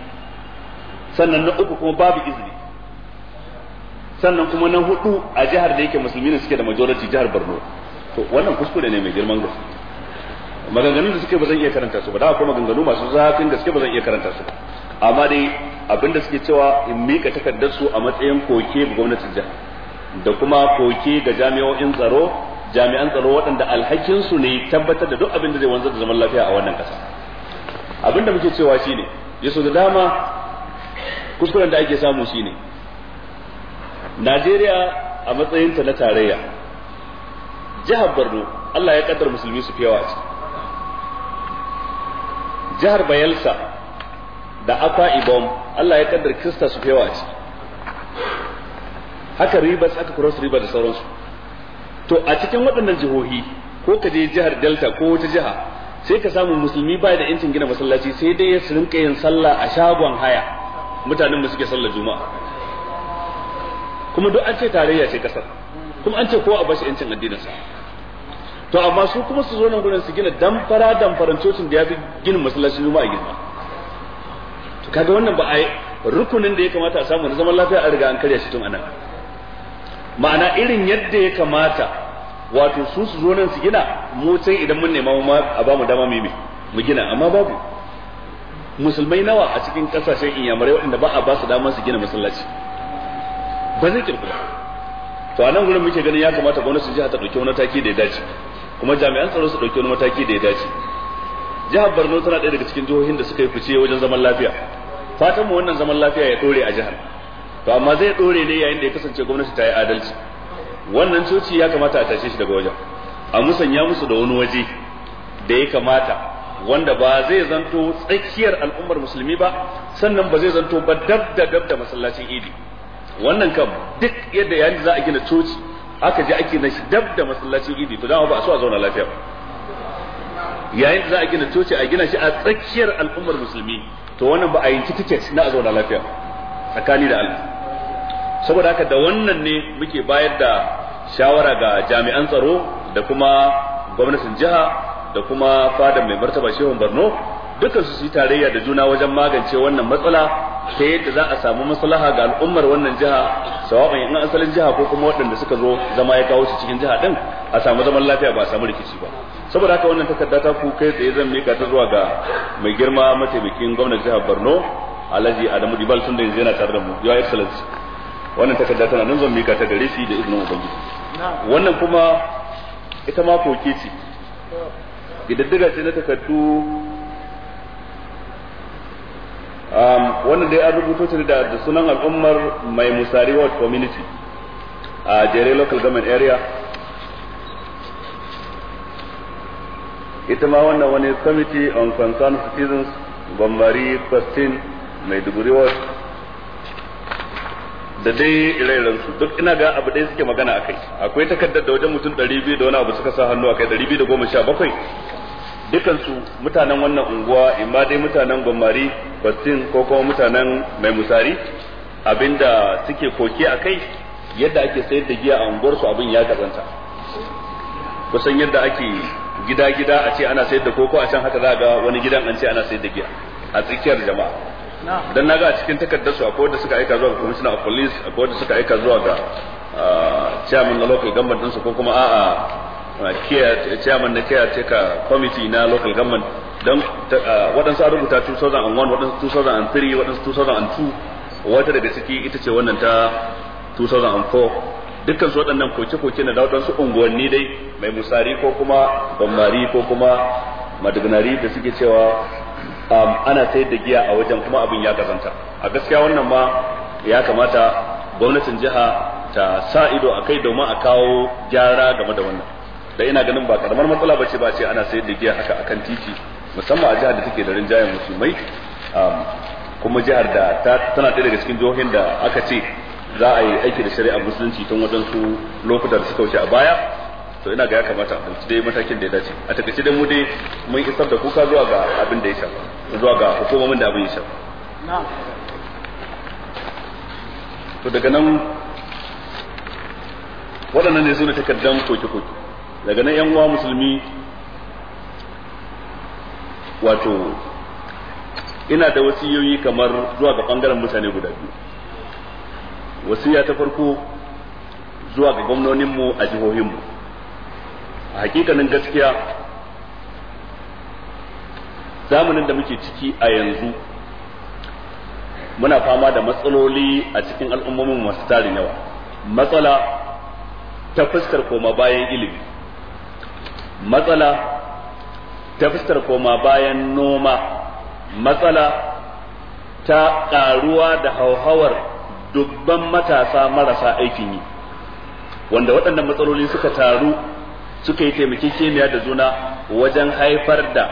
sannan na uku kuma babu izini sannan kuma na hudu a jihar da yake musulmi ne suke da majority jihar borno to wannan kuskure ne mai girman gaske maganganun da suke ba zan iya karanta su ba da akwai maganganu masu zafin gaske ba zan iya karanta su amma dai abinda suke cewa in mika takardar su a matsayin koke ga gwamnatin jiha da kuma koke ga jami'o'in tsaro jami'an tsaro waɗanda alhakin su ne tabbatar da duk abin da zai wanzar da zaman lafiya a wannan ƙasa abinda muke cewa shine yaso da dama kuskuren da ake samu shine Najeriya a matsayin ta na tarayya jihar Borno Allah ya kaddar musulmi su fi yawa a ciki jihar bayelsa da akwa ibom Allah ya kaddar krista su fewa ce haka ribas aka cross riba da sauransu to a cikin waɗannan jihohi ko ka je jihar delta ko wata jiha sai ka samu musulmi baya da yancin gina masallaci sai dai ya rinka yin sallah a shagon haya mutanen mu suke sallar juma'a kuma duk an ce tarayya ce kasar kuma an ce ko a bashi yancin addininsa to amma su kuma su zo nan gurin su gina damfara damfaran cocin da ya fi ginin masallacin a girma to kaga wannan ba a rukunin da ya kamata a samu na zaman lafiya a riga an karya shi tun anan ma'ana irin yadda ya kamata wato su su zo nan su gina mu sai idan mun nema ma a ba mu dama mimi mu gina amma babu musulmai nawa a cikin kasashen inyamurai waɗanda ba a ba su damar su gina masallaci ba zai kirkira to a nan gurin muke ganin ya kamata gwamnati jiha ta ɗauki wani taki da ya dace kuma jami'an tsaro su dauki wani mataki da ya dace jihar Borno tana ɗaya daga cikin jihohin da suka yi fice wajen zaman lafiya fatan mu wannan zaman lafiya ya dore a jihar to amma zai dore ne yayin da ya kasance gwamnati ta yi adalci wannan coci ya kamata a tashe shi daga wajen a musanya musu da wani waje da ya kamata wanda ba zai zanto tsakiyar al'ummar musulmi ba sannan ba zai zanto ba dab da dab da masallacin idi wannan kam duk yadda yayin da za a gina coci aka je ake na shi dab da masallacin idi to dama ba a so a zauna lafiya ba yayin da za a gina coci a gina shi a tsakiyar al'ummar musulmi to wannan ba a yanki tiket na a zauna lafiya tsakani da Allah saboda haka da wannan ne muke bayar da shawara ga jami'an tsaro da kuma gwamnatin jiha da kuma fadar mai martaba shehun barno. dukan su yi tarayya da juna wajen magance wannan matsala ta yadda za a samu maslaha ga al'ummar wannan jiha sawa'un in asalin jiha ko kuma waɗanda suka zo zama ya kawo su cikin jiha din a samu zaman lafiya ba a samu rikici ba saboda haka wannan takarda ta ku kai tsaye zan mika ta zuwa ga mai girma mataimakin gwamnan jihar Borno Alhaji Adamu Dibal tun da yanzu yana tare da mu your excellency wannan takarda tana nan zan mika ta gare shi da izinin ubangiji wannan kuma ita ma koke ce gidaddiga ce na takardu Um, wannan dai an rubuto ta da sunan al'ummar mai musari ward community a jere local government area ita ma wannan wani committee on concerned citizens bambari question mai duguri ward da dai ire su duk ina ga abu ɗaya suke magana akai akwai takardar da wajen mutum 200 da wani abu suka sa hannu akai 217 dukansu mutanen wannan unguwa imma dai mutanen gwamari bastin ko kuma mutanen mai musari abinda suke koke a kai yadda ake sayar da giya a unguwarsu abin ya kazanta kusan yadda ake gida-gida a ce ana sayar da koko a can haka za ga wani gidan an ce ana sayar da giya a tsakiyar jama'a dan naga a cikin takardar su akwai wanda suka aika zuwa ga commissioner a police akwai wanda suka aika zuwa ga ah, chairman na local government ko kuma a'a Uh, chairman na teka uh, committee na local government don uh, waɗansu an rubuta 2001 waɗansu 2003 waɗansu 2002 wata daga ciki ita ce wannan ta 2004 dukkan su waɗannan koke-koke na da waɗansu unguwanni dai mai musari ko kuma bambari ko kuma madagnari da suke cewa um, ana sayar da giya a wajen kuma abin ya kazanta a gaskiya wannan ma ya kamata gwamnatin jiha ta sa ido a kai domin a kawo gyara game da wannan da ina ganin ba karamar matsala bace ba ce ana sayar da giya haka akan titi musamman a jihar da take da rinjayen musulmai um, kuma jihar da tana ɗaya daga cikin jihohin da aka ce za a yi aiki da shari'a musulunci tun waɗansu lokuta da suka wuce a baya to ina ga ya kamata a dai matakin da ya dace a takaice dai mu dai mun isar da kuka zuwa ga abin da ya shafa zuwa ga hukumomin da abin ya shafa to daga nan waɗannan ne su ne takardar koke-koke daga nan yan uwa musulmi wato ina da wasiyoyi kamar zuwa ga bangaren mutane guda biyu wasiya ta farko zuwa ga gwamnoninmu a jihohinmu a hakikanin gaskiya zamanin da muke ciki a yanzu muna fama da matsaloli a cikin al'ummomin masu tarin yawa matsala ta fuskar koma bayan ilimi matsala ta fuskar koma bayan noma matsala ta ƙaruwa da hauhawar dubban matasa marasa aikin yi wanda waɗannan matsaloli suka taru suka yi taimakekeniya da juna wajen haifar da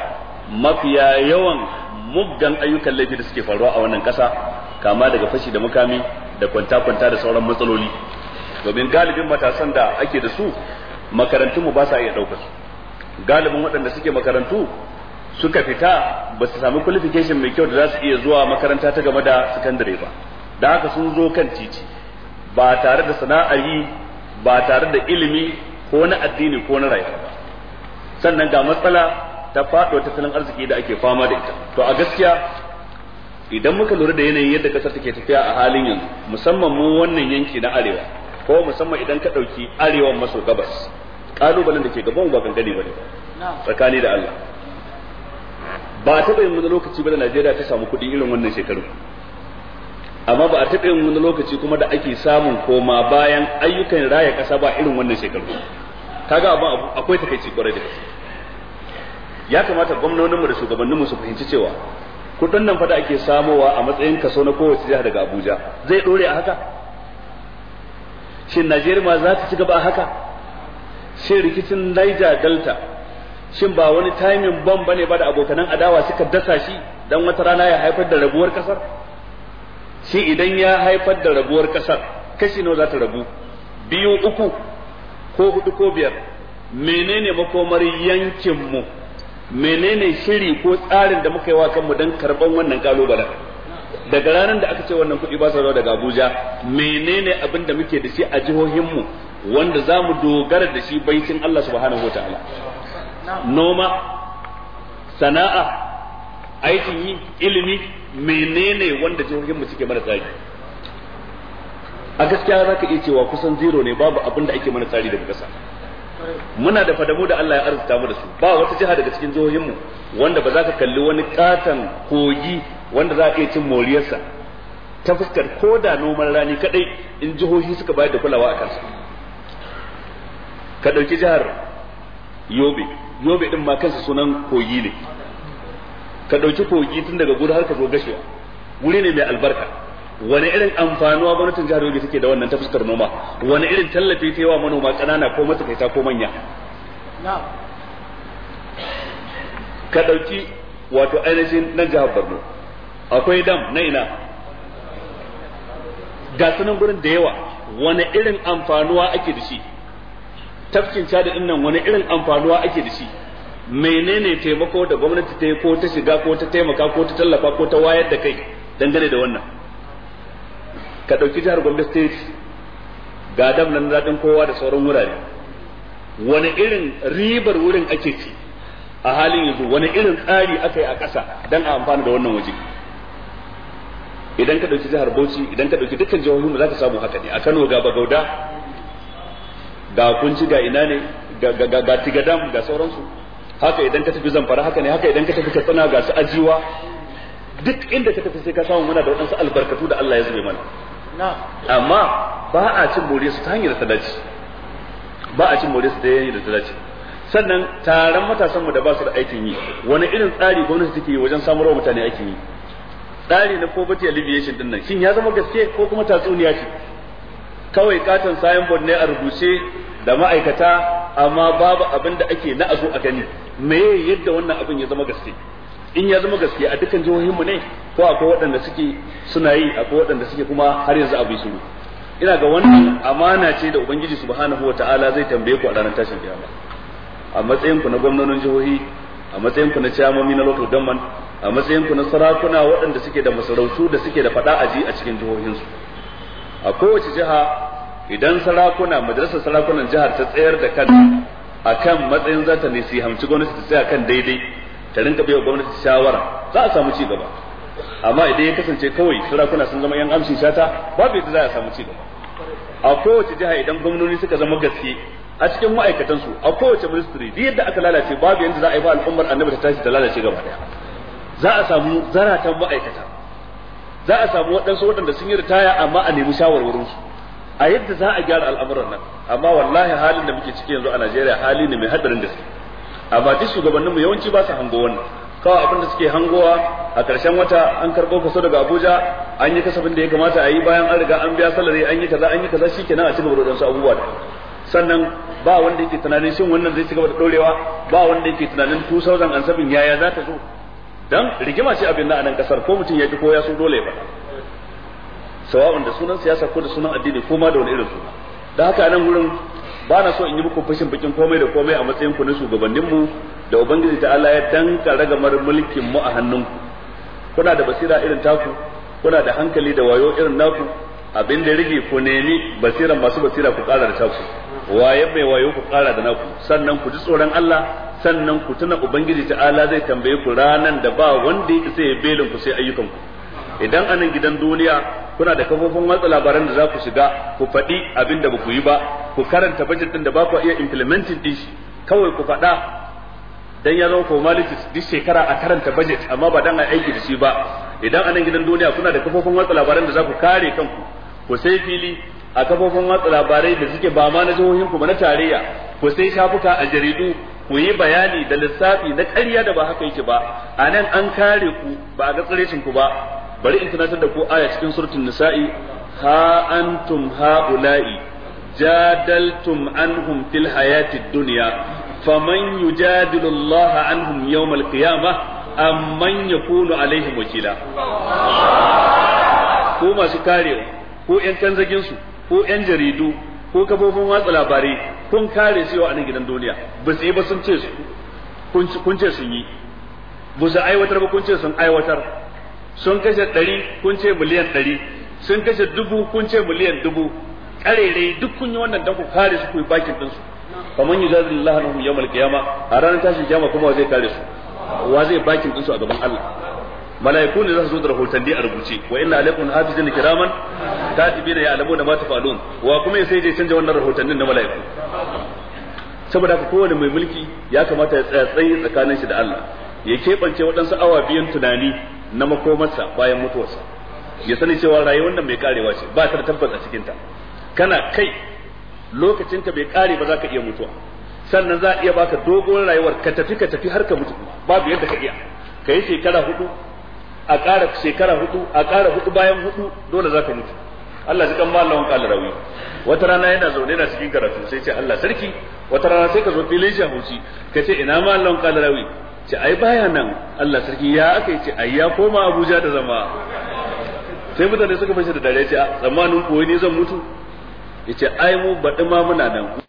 mafiya yawan muggan ayyukan laifi da suke faruwa a wannan ƙasa kama daga fashi da mukami da kwanta-kwanta da sauran matsaloli domin galibin matasan da ake da su makarantunmu ba sa iya ɗaukar su galibin waɗanda suke makarantu suka fita ba su sami qualification mai kyau da za su iya zuwa makaranta ta game da sakandare ba da haka sun zo kan titi ba tare da sana'ar yi ba tare da ilimi ko na addini ko na rayuwa ba sannan ga matsala ta faɗo tattalin arziki da ake fama da ita to a gaskiya idan muka lura da yanayin yadda ƙasar take tafiya a halin yanzu musamman mu wannan yanki na arewa ko musamman idan ka ɗauki arewan maso gabas kalubalen da ke gaban ba gangane bane tsakani da Allah ba ta bayin wani lokaci ba da Najeriya ta samu kuɗi irin wannan shekaru amma ba a taɓa yin wani lokaci kuma da ake samun koma bayan ayyukan raya ƙasa ba irin wannan shekaru kaga abin akwai takaici kwarai da gaske ya kamata mu da mu su fahimci cewa kuɗin nan fada ake samowa a matsayin kaso na kowace jiha daga Abuja zai dore a haka shin Najeriya ma za ta ci gaba a haka Sai rikicin Niger Delta shin ba wani timing bomb bane ba da abokanan adawa suka dasa shi dan wata rana ya haifar da rabuwar kasar shi idan ya haifar da rabuwar kasar kashi nawa za ta rabu biyu uku ko hudu ko biyar menene makomar yankin mu menene shiri ko tsarin da muka yi wa kanmu dan karban wannan kalubalen daga ranar da aka ce wannan kuɗi ba su daga Abuja menene abin da muke da shi a jihohin mu wanda za mu dogara da shi baitin Allah subhanahu wa ta'ala noma sana'a aikin yi ilimi menene wanda jihohin mu suke mana tsari a gaskiya za ka iya cewa kusan zero ne babu abin da ake mana tsari daga ƙasa muna da fadamu da Allah ya arzuta mu da su ba wata jiha daga cikin jihohin mu wanda ba za ka kalli wani katon kogi wanda za a iya cin moriyarsa ta fuskar ko da noman rani kadai in jihohi suka bayar da kulawa a kansa ka ɗauki jihar yobe yobe ɗin ma kansa sunan kogi ne ka ɗauki kogi tun daga gudu har ka zo gashiwa wuri ne mai albarka wani irin amfanuwa gwamnatin jihar yobe take da wannan ta fuskar noma wani irin tallafi ta yi wa manoma ƙanana ko matakaita ko manya ka ɗauki wato ainihin na jihar borno akwai dam na ina ga sunan gurin da yawa wani irin amfanuwa ake da shi tafkin cada din nan wani irin amfanuwa ake da shi menene taimako da gwamnati ta yi ko ta shiga ko ta taimaka ko ta tallafa ko ta wayar da kai dangane da wannan ka ɗauki jihar gombe state ga dam nan daɗin kowa da sauran wurare wani irin ribar wurin ake ci a halin yanzu wani irin tsari aka yi a ƙasa don a amfana da wannan waje idan ka ɗauki jihar bauchi idan ka ɗauki dukkan jihohin za ka samu haka ne a kano ga bagauda ga kunci ga ina ne ga tigadam ga sauransu haka idan ka tafi zamfara haka ne haka idan ka tafi katsina ga su ajiwa duk inda ka tafi sai ka samu muna da waɗansu albarkatu da Allah ya zube mana amma ba a cin more su ta hanyar ta ba a cin more su ta hanyar ta dace sannan taron matasan mu da ba su da aikin yi wani irin tsari gwamnati take yi wajen samun rawa mutane aikin yi tsari na poverty alleviation din nan shin ya zama gaske ko kuma tatsuniya ce kawai katon signboard ne a rubuce da ma'aikata amma babu abin da ake na azo a gani me yadda wannan abin ya zama gaske in ya zama gaske a dukkan jihohin mu ne ko akwai waɗanda suke suna yi akwai waɗanda suke kuma har yanzu abin su ina ga wannan amana ce da ubangiji subhanahu wataala zai tambaye ku a ranar tashin kiyama a matsayin ku na gwamnonin jihohi a matsayin ku na ciyamomi na local government a matsayin ku na sarakuna waɗanda suke da masarautu da suke da fada aji a cikin jihohinsu a kowace jiha idan sarakuna majalisar sarakunan jihar ta tsayar da kanta akan matsayin zata ne su hamci gwamnati ta tsaya kan daidai ta rinka bai wa gwamnati shawara za a samu ci gaba amma idan ya kasance kawai sarakuna sun zama yan amshin shata babu yadda za a samu ci gaba a kowace jiha idan gwamnoni suka zama gaske a cikin ma'aikatan su a kowace ministry duk yadda aka lalace babu yadda za a yi ba al'ummar annabi ta tashi ta lalace gaba daya za a samu zaratan ma'aikata za a samu waɗansu waɗanda sun yi ritaya amma a nemi shawarwarinsu a yadda za a gyara al'amuran nan amma wallahi halin da muke ciki yanzu a Najeriya hali ne mai hadarin su amma duk shugabanninmu yawanci ba su hango wannan kawai abin da suke hangowa a ƙarshen wata an karɓo kaso daga Abuja an yi kasafin da ya kamata a yi bayan an riga an biya salari an yi kaza an yi kaza shikenan a cikin da su abubuwa da sannan ba wanda yake tunanin shin wannan zai cigaba da dorewa ba wanda yake tunanin ansabin yaya za ta zo dan rigima ce abin na a nan kasar ko mutum ya ji ko ya so dole ba sawa'un da sunan siyasa ko da sunan addini ko ma da wani irin suna da haka anan gurin ba na so in yi muku fashin bikin komai da komai a matsayin ku na shugabannin mu da ubangiji ta Allah ya danka ragamar mulkin mu a hannunku kuna da basira irin taku kuna da hankali da wayo irin naku abin da rage ku nemi basiran masu basira ku ƙara da taku waye mai wayo ku ƙara da naku sannan ku ji tsoron Allah sannan ku tuna ubangiji Allah zai tambaye ku ranan da ba wanda ya isa ya belin ku sai ayyukan ku idan anan gidan duniya kuna da kafofin watsa labaran da za ku shiga ku faɗi abin da ba ku yi ba ku karanta budget din da ba ku iya implementing din shi kawai ku faɗa dan ya zama formalities duk shekara a karanta budget amma ba dan a aiki da shi ba idan anan gidan duniya kuna da kafofin watsa labaran da za ku kare kanku ku sai fili a kafofin watsa labarai da suke ba ma na jihohin ku ba na tarayya ku sai shafuka a jaridu ku yi bayani da lissafi na ƙarya da ba haka yake ba anan an kare ku ba a ga tsirrishin ku ba bari in tunatar da ku aya cikin suratul nisa'i ha antum haula'i jadaltum anhum fil hayatid dunya faman yujadilu Allah anhum yawm al-qiyamah amman yakunu alaihim wakila Ku masu karewa ku ƴan kanzagin su ƴan jaridu ko kafofin watsa labarai kun kare su yau a nan gidan duniya ba su yi ba sun ce su kun ce sun yi ba su aiwatar ba kun ce sun aiwatar sun kashe ɗari kun ce miliyan ɗari sun kashe dubu kun ce miliyan dubu ƙarere duk kun yi wannan dan ku kare su ku yi bakin ɗinsu kamar yi zazin Allah na hun yamal kiyama a ranar tashin kiyama kuma wa zai kare su wa zai bakin ɗinsu a gaban Allah mala'iku ne za su zo da rahotanni a rubuce wa inna alaikum hafizin kiraman alamu da ma tafalun wa kuma ya sai je canja wannan rahotannin na mala'iku saboda haka kowane mai mulki ya kamata ya tsaya tsaye tsakanin shi da Allah ya keɓance waɗansu awa biyan tunani na makomarsa bayan mutuwarsa ya sani cewa rayuwar nan mai karewa ce ba ta da tabbas a cikinta kana kai lokacinka bai kare ba za ka iya mutuwa sannan za a iya baka dogon rayuwar ka tafi ka tafi har ka mutu babu yadda ka iya ka yi shekara hudu a ƙara shekara hudu a ƙara hudu bayan hudu dole za ka mutu Allah ji kan ba Allah wanka rawi wata rana yana zaune na cikin karatu sai ce Allah sarki wata rana sai ka zo filin shahusi ka ce ina Allah wanka rawi ce ai baya nan Allah sarki ya aka ce ai ya koma Abuja da zama sai mutane suka fashe da dare ce a tsammanin koyi ne zan mutu yace ai mu baɗi ma muna nan